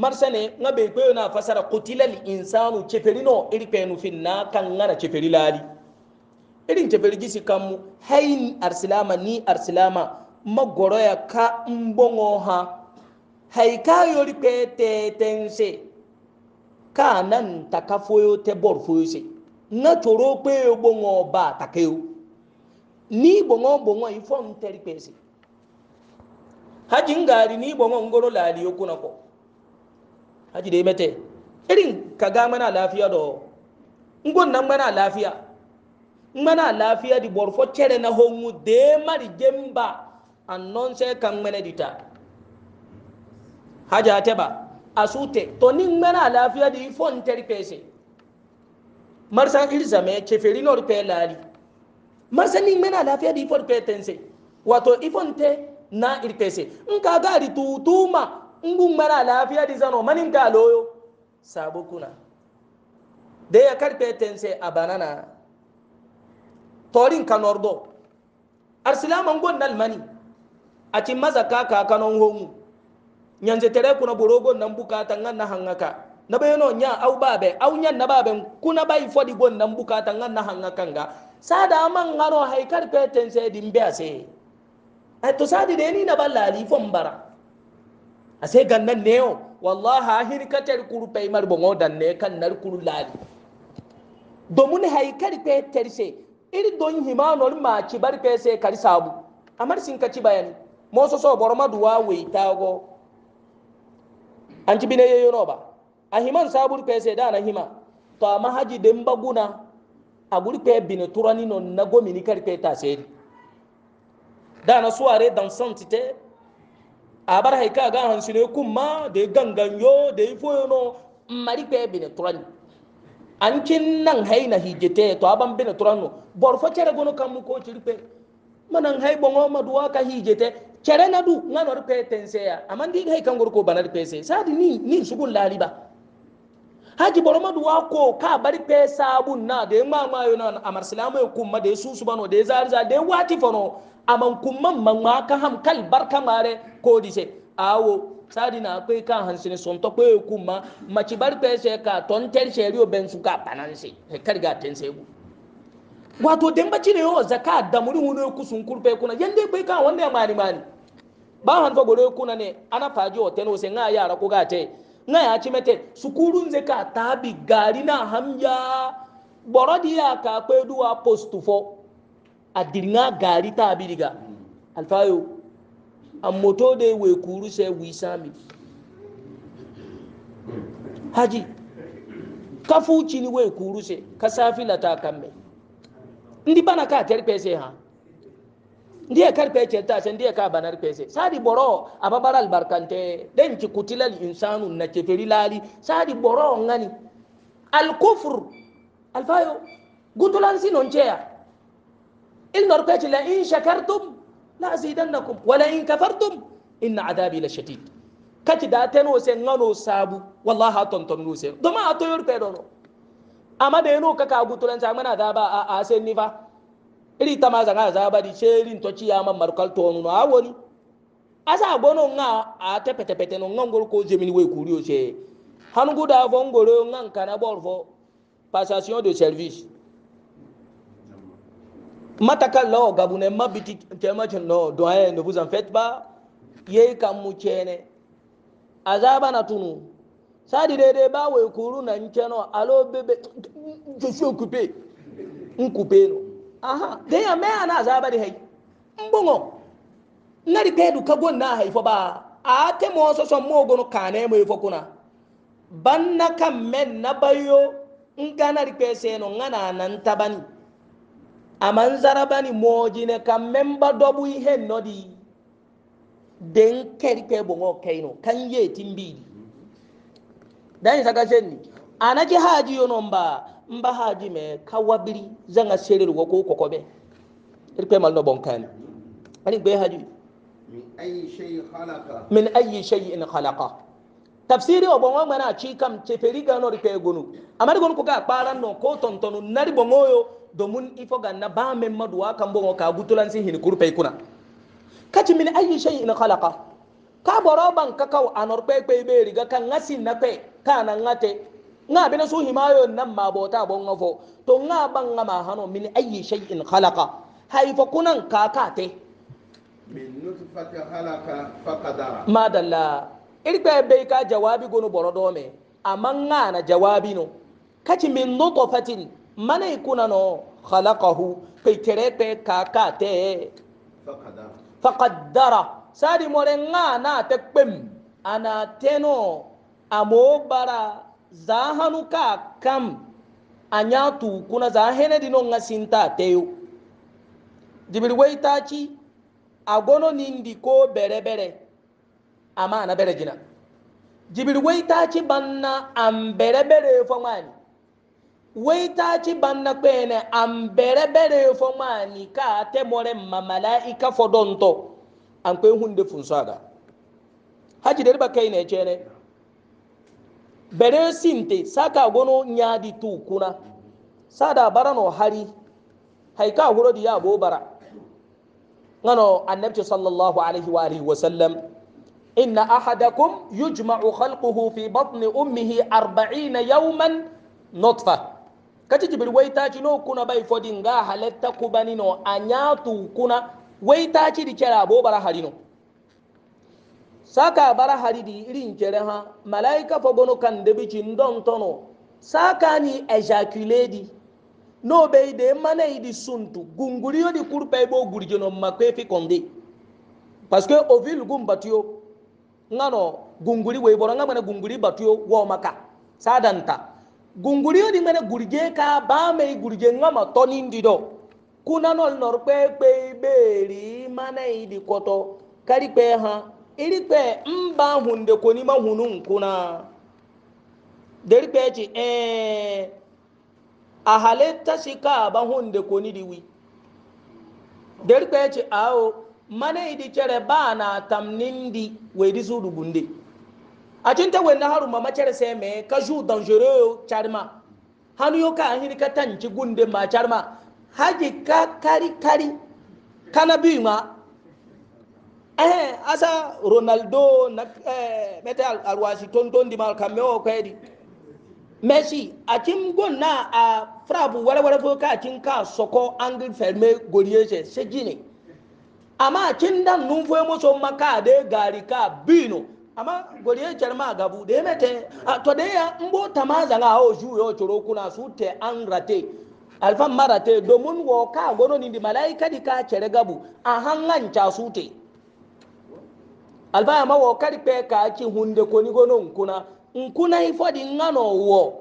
marsane nga be kweyo na fasara qutila al insanu cheferino iri penu finna kan ngana cheferi lali irin cheferi gisi kamu hayin arsilama ni arsilama magoro ya ka mbongo ha haika yori pe te nse ka nan takafoyo te borfoyo se na toro pe bongo ba takeo ni bongo bongo ifo nteri pese haji ngari ni bongo ngoro lali okuna ko haji de mete irin kaga mana lafiya do ngon na mana lafiya mana lafiya di borfo chere na hongu de mari jemba annon se kan mene dita haja teba asute to nin mena lafiya di fon teri pese marsan irza me cheferi no rupe lali marsan nin mena lafiya di fon petense wato ifonte na irpese in ka gari tutuma ngun mena lafiya di zano manin ka loyo sabo kuna da ya karfe tense a banana torin kanordo arsilaman gondal mani ati mazaka ka kanon hongu nyanze tere kuna borogo nan bukata ngan na hangaka na bayano nya au babe au nyan na babe kuna bai fodi gon nan bukata ngan na hangaka nga sada man ngano haikari peten se dimbe ase ai to sadi de ni na ballali fombara ase ganda neo wallahi ahir katar kuru pay bongo dan ne kan nar kuru lali domin haikar peter se iri don himano ma chibari bar pese kar sabu amar sin bayani mo so, boro madu wa weitago anti bine yeyo no ba ahiman sabur pese dana hima to ama haji den baguna aguri pe bine turani no nago mini kar pe ta sedi dana suare dan santite abar haika ga hansine kuma de ganganyo de ifoyono mari pe bine turani an kin hai haina hijete to aban bine turano bor fo cere gono kam ko cirpe manan hay bongo maduwa ka hijete cere na du nga nor pe tense ya amandi ga kan gorko banar pese sadi ni ni sugun lariba haji boroma du wa ko ka bari pe sabun na de ma ma yo na amar salamu yo kuma de su su bano de zar za de wati fono aman kuma man ma ka ham kal barka mare ko dise awo sadi na pe ka hansine son to pe kuma maci bari pese ka ton ter sheri o ben su ka bananse he karga tense gu wato demba cine yo zaka da muri huno ku sun kurpe kuna yande bai kan wanda mani mani ba han fa gore kuna ne ana faji hotel o sai nga yara ko gate nga ya ci mete sukurun ze ka tabi gari na hamya borodi ya ka kwe duwa post fo adirnga gari tabi diga hmm. alfayo amoto de we kuru se wisami haji kafu cini we kuru se kasafila ta kamme ndi bana ka ter pese ha ndi e kar pese ta sen ndi e ka banar pese sadi boro ababara albarkante den ki kutilal insanu na keferi lali sadi boro ngani al kufr al fayo gutulan sinon cheya il nor pese la in shakartum la azidannakum wala in kafartum inna adabi la shadid kati da teno sen ngano sabu wallahi ton ton no sen doma atoyor pedono amma da yano kaka agu turanci mana za ba a a sai ni fa iri ta ma zanga za ba di sheri to ci amma markal to nu na woni asa gono nga a tepe tepe no ngongol ko jemini we kuriyo she hangu da vongoro ngan kana borfo passation de service mataka law gabune mabiti tema no doyen ne vous en faites pas yei kam mu chene azaba na tunu sadi daidai ba wai kuru na nke no alo bebe josi okupe nkupe no aha dai ya mai ana zaba da hai mbongo ngari kai duka gon na haifo ba a te mo so so mo gono kane mo ifo e kuna banna kan men na bayo ngana ri pese no ngana nan tabani aman zarabani moji ne kan men ba dobu ihe nodi den keri pe bongo kaino kan ye timbidi dani saka senni anaki haji yono mba mba haji me kawabiri zanga sereru koko kokobe irpe mal no bonkani ani gbe haji min ayi shay khalaqa min ayi shay'in khalaqa tafsiri o bongo mana chi kam cheperi gano ripe gonu amari gonu ko ka paran no ko tontonu nari bongoyo domun ifo ganna ba men maduwa kan bongo ka gutulan sin hin kurpe kuna kaci min ayi shay'in khalaqa ka boroban kakau anor pepe be riga kan ngasi na pe kana ngate nga bina su himayo nan ma bota bon ngafo to nga ban nga ma hano min ayi shay'in khalaqa haifa kunan kaka te min nutfati khalaqa faqadara madalla irbe be ka jawabi gonu borodo me amma nga na jawabi no kaci min nutfatin mana ikuna no khalaqahu kai terete kaka te faqadara faqadara sadi more nga na te kpem ana teno amo bara za kam anya tu kuna zahene hene dino ngasinta teyo jibiri waita ci agono nindi ko bere bere ama na bere jina jibiri waita ci banna am bere bere fo mani waita ci banna kwene am bere bere fo mani ka te more mamalaika fo donto hunde funsaga haji derba kai ne cene bere sinte saka gono nyadi tu kuna sada barano hari haika guro di yabo bara ngano annabti sallallahu alaihi wa alihi wa sallam inna ahadakum yujma'u khalquhu fi batni ummihi 40 yawman nutfa kati jibir waitaci no kuna bai fodin ga halatta kubani no anyatu kuna waitaci di kera bo bara harino saka bara haridi irin kere ha malaika fogono kan debi cin don tono saka ni ejaculé no be de mana idi suntu gunguriyo di kurpe bo gurjino makwe fi konde parce que o vil gum ngano gunguri we boro ngamana gunguri batiyo wo maka sadanta gunguriyo di mana gurje ka ba me gurje ngama toni ndido kuna nol norpe pe beri mana idi koto kari pe ha irikpe mba hunde koni ma hunun kuna derikpe ci eh a halitta shi ka ba hunde koni diwi derikpe ci awo mana idi cere ba na tamnin di wai di su dugunde a cin ta wani haru ma macer sai me ka ju dangereux charma hannu yo ka hiri ka tanci gunde ma charma haji ka kari kari kana bi ma eh asa ronaldo na eh mete alwashi ton ton di mal kamme o kaydi messi akim na a frabu wala wala fo ka akin ka soko angle ferme goriyeje sejine amma akin dan nun fo mo so maka de gari ka bino amma goriye jarma gabu de mete to de ya mbo tamaza na o ju yo choro kuna su te an rate marate domin wo ka gono ni di malaika di ka cere gabu a hangan ca su te albaya mawo kari pe ka ki hunde ko ni gono nkuna nkuna ifodi ngano wo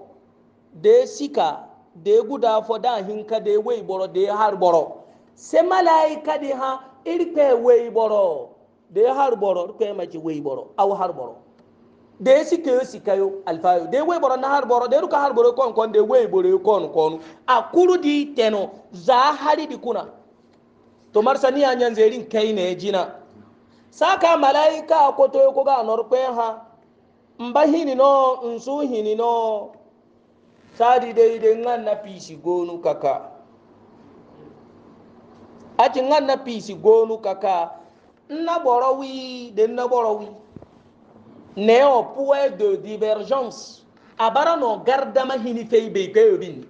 de sika de guda fo hinka de wei boro de har boro se malaika de ha iri pe wei boro de har boro pe ma ki wei boro aw har boro de sika yo sika yo alfayo de wei boro na har boro de ruka har boro kon kon de wei boro kon kon akuru di teno za hari di kuna to marsani anyanzerin kai jina saka malaika akoto yoko ga norpe ha mba hini no nsu hini no sadi dai dai ngan na pisi gonu kaka ati ngan na pisi gonu kaka nna borowi de na borowi ne o point de divergence abara no gardama hini fei be kayo bin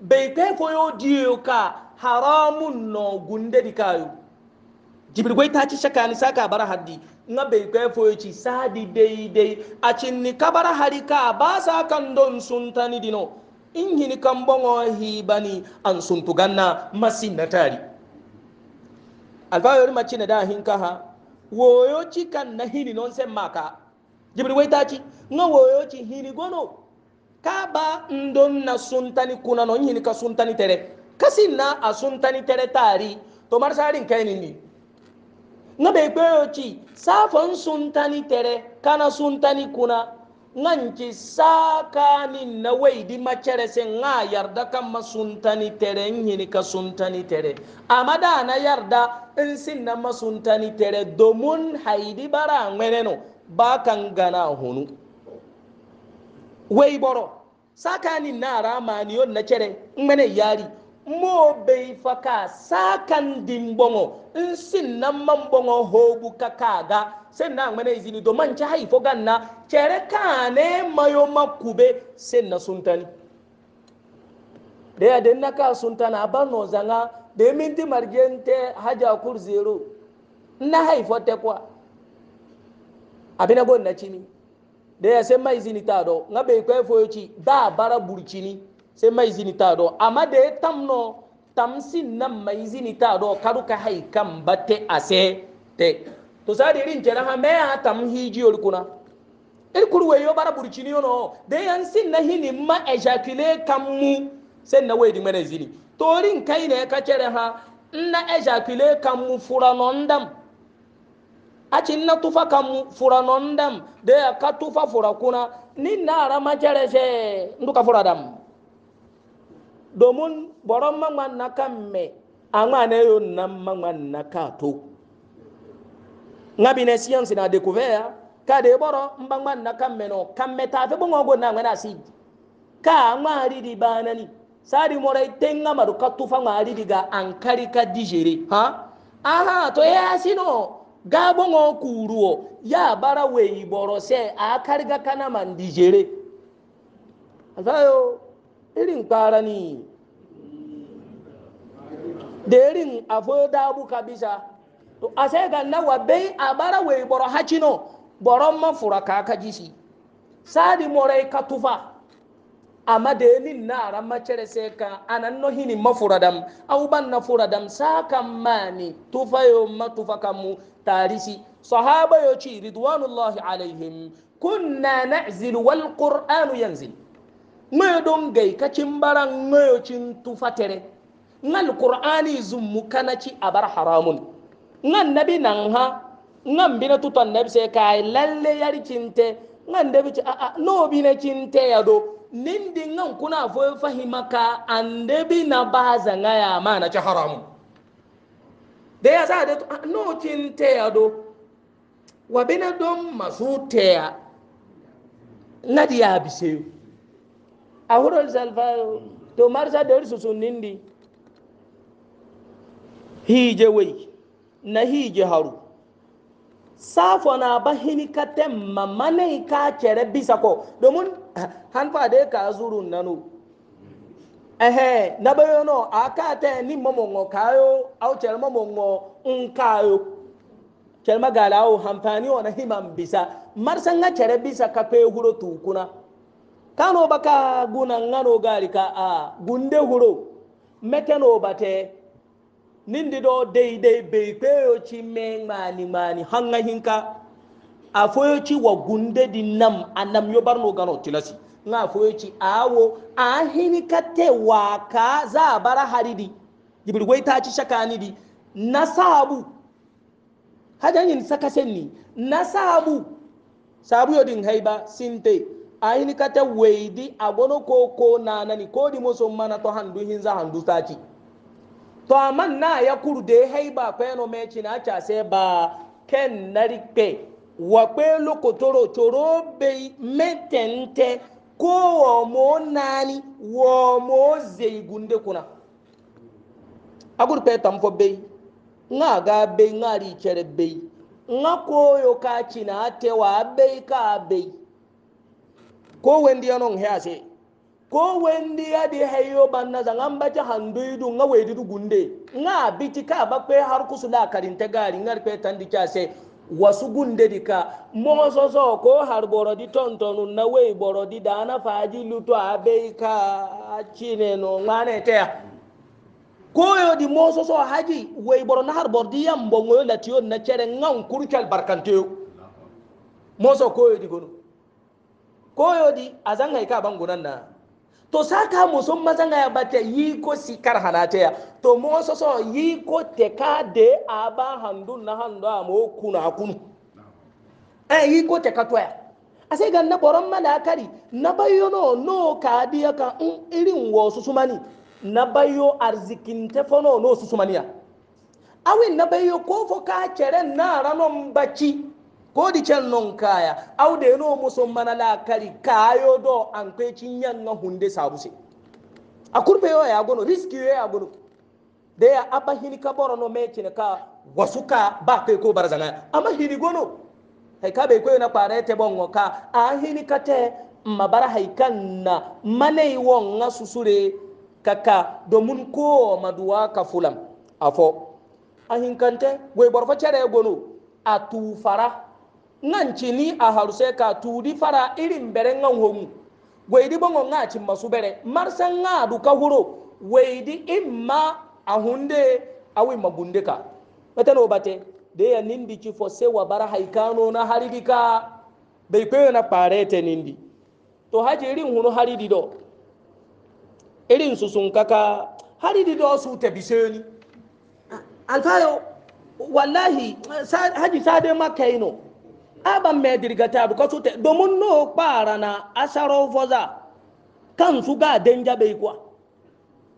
be kay ko yo diyo ka haramun no gunde di kayo jibiri gwai ta ci shakani saka bara haddi nga bai kai foyoci sadi daidai a cinni kabara hari ka ba sa kan don sun tani dino in ni kan bongo hi bani an sun tuganna masin na tari alfayori maci na da hinka ha woyo ci kan na hini non sen maka jibiri gwai ta ci nga woyo ci hini gono ka ba ndon na sun tani kuna non hini ka sun tani tere kasi na a sun tani tere tari to marsarin kai ni nga bai gbeyo ci safon suntani tere kana suntani kuna nganci sakani na wai di macere se nga yarda kama suntani tere nyini ka suntani tere amma da na yarda in sin na masuntani tere domin haidi bara ngwene no ba kan gana hunu wai boro sakani na ramani yon na cere ngwene yari mo bai faka sakan dimbongo in sin nan man bongo hobu ka kaga sen na ngmane izini do manci haifo ganna cere kane mayo makube sen na suntani da ya nna ka suntana ban no zanga da minti marjente haja kur zero na haifo te kwa abina gonna chini da ya sen mai izini ta do ngabe ko foyoci da bara gburu burchini sai mai zini ta do amma da ya tamno tamsi nan mai zini ta do karu ka hai kan batte ase te to sa da irin jana ha me ya tam hiji yol kuna ir kurwe yo bara burcini yo no da yan sin na hini ma ejakile kan mu sai na wedi mene zini to rin kai ne ka cere ha na ejakile kan mu furanon dam aci na tufa ka fura non dam de ka tufa fura kuna ni na ara ma cere se ndu ka fura dam domin boron mangwan na kan me amma ne yo nan mangwan na ka to ngabi ne science na découvert ka de boro mbangwan na kan me no kan me ta fe bongo go na ngana si ka ngari di ni banani sadi morai tenga maru katufa ngari di ga ankari ka digere ha aha to ya e sino gabongo kuruo ya bara we iboro se akari ga kana man digere azayo irin ƙara ni da irin afo dabu kabisa to a sai ga nawa bai a bara wai boro hacino boron mafura kaka jisi sadi morai e ka tufa amma da yanin na ran macere sai ka anan no hini mafuradam au ban na furadam sakan mani tufa yo matufa kamu tarisi sahaba yo ci ridwanullahi alaihim kunna na'zil wal qur'anu yanzil ŋoyo don gai ka cin bara ŋoyo cin tufa tere ŋal qur'ani zummu kana ci abar haramun ŋan nabi nan ha ŋan bina tuton nabi sai kai lalle yar cinte ŋan dabi ci a'a ah, ah, no bina cinte ya do nin di kuna fo fahima ka an na baza ŋaya ma na ci haramun da ya za da ah, no cinte ya do wa bina don masu teya ngadi ya biseyo ahuro salfa to marsa da irsu sunnin di hije wai na hije haru safo na ba hini ka temma mane ka kere bisa ko domin hanfa da ka zurun nanu ehe na bayo no aka ta ni momo ngo kayo au chere momo ngo nkayo chere magala au hampani ona himan bisa marsa nga chere bisa ka pe huro tukuna kano baka gunan ngano gari ka a gunde huro meteno bate nindi do deidei bei peyoci me ŋmani ŋmani hanga hinka a foyoci wa gunde di nam a nam yobarno gano tilasi ŋa foyoci awo a hini kate waka za bara haridi jibiri goitaci shakanidi nasabu hajanyin sakasenni nasabu sabu yodin haiba sinte aini kata weidi agono koko na nani kodi muso mana to handu hinza handu taki to amman na ya kurde haiba kweno mechi na cha se ba ken narikpe wa pelo kotoro choro be metente ko wo mo nani wo mo zeigunde kuna agur pe tamfo be nga ga be nga ri chere be nga koyo ka china atewa be ka be ko wendi non he ase ko wendiya di hayo banna zangan baje handuidu nga du gunde nga biti ka bakpe har kusula karin ta gari ngar pe tandi kase wasu gunde dika, ka moso so ko har borodi tontonu na we borodi dana faji luto abe ka chine no ngane te koyo di moso so haji we boro na har borodi yambo ngoyo latiyo na chere ngan kurkal barkanteyo moso koyo di gono koyo di azanga ka bangunan na to saka musun mazanga ya bata yi ko sikar hanata ya to mo so so yi ko te ka de aba handun na handu a mo kuna kunu eh yi ko te ka to ya ase ga na boron mana na bayo no no mm, ka di ka un irin wo susumani na bayo arzikin te no susumani ya awin na bayo ko fo ka kere na ranon bacci ko di can non kaya au da yano muso mana la kari kayo do an kai cinyan na hunde sabuse a kurbe yo ya gono riski yo ya gono da ya aba hini ka boro no me cin ka wasu ka ba kai ko barzana amma hini gono hay ka be ko na kwara te bongo ka a hini ka te mabara hay kan na mane won na susure kaka domin ko maduwa ka fulam afo ahinkante wey borfa cere gono a tufara nan cili a haruse ka tudi fara irin bere ngan hongu gwaidi bongo nga ci masu bere marsa nga du ka huro waidi imma a hunde awi mabunde ka wata bate da ya nindi ci fo sewa bara haikano na haridi ka bai kwayo na parete nindi to haji irin hunu haridi do irin su sun kaka haridi do su ta alfayo wallahi haji sade makaino aban me dirga ta duka su te domin no kpara na asaro foza kan su ga denja bai kwa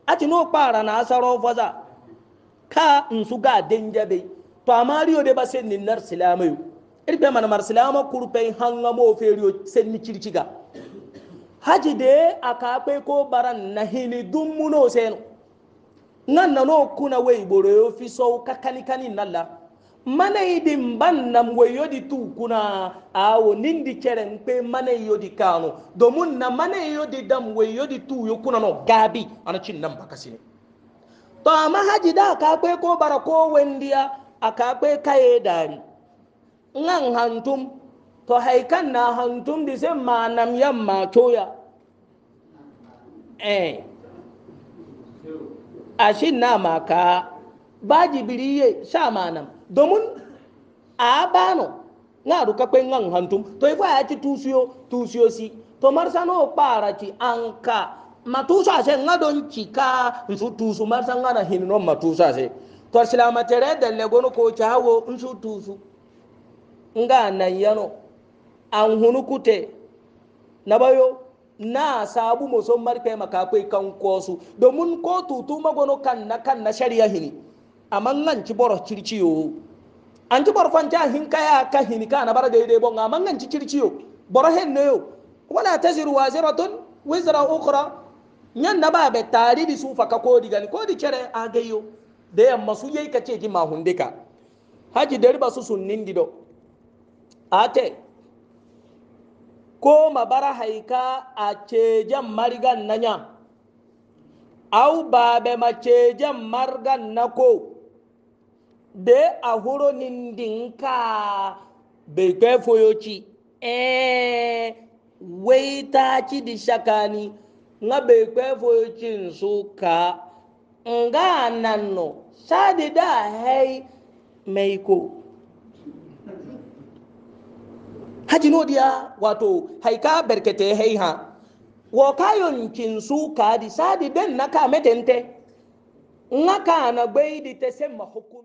ati no kpara na asaro foza ka in su ga denja bai to amma riyo de ba sen ni nar irbe mana mar silama kurpe hanga mo fe riyo ni circiga haji de aka pe ko baran na hili dummuno seno nan na no kuna wei boro yo fi so kakanikani nalla mana idi mban nam we yodi tu kuna awo nindi kere mpe mana yodi kanu domun na mana yodi dam we yodi tu yokuna no gabi ana anacin nan bakasine to amma haji da ka kwe ko bara ko wendiya aka kwe kaye dari ngan hantum to haikan na hantum di se ma nam yam ma choya eh ashin na maka ba jibriye sha manam domin a bano na ruka kwen ngan hantum to ifo ya ci tusiyo tusiyo si to marsa no para ci anka matusa se ngadon cika nsu tusu marsa ngana hinno matusa se to silama tere da le gono ko chawo nsu tusu nga nan yano an hunu kute na bayo na sabu musom marpe makakwai kan kosu domin ko tutu magono kan na kan na shari'a hini amman lanci boro circiyo anti boro fanta hinkaya ka hinika na bara daidai bon amman lanci circiyo boro hen noyo wala taziru waziratun wizra ukhra nyan na ba be tari di sufa ka kodi gani kodi cere agayo da yamma su yayi kace ji ma hundika haji dari ba su sunnin dido ate ko mabara haika a cejan margan nanya au babe macejan margan na ko de ahuro nindinka bekpe foyochi ee weitachi di shakani nga bekpe foyochi nsuka nga nanno sadida hei meiko haji no dia wato haika berkete hei ha wo kayon kinsuka di sadiden naka metente nga kana gbeidi tese mahukum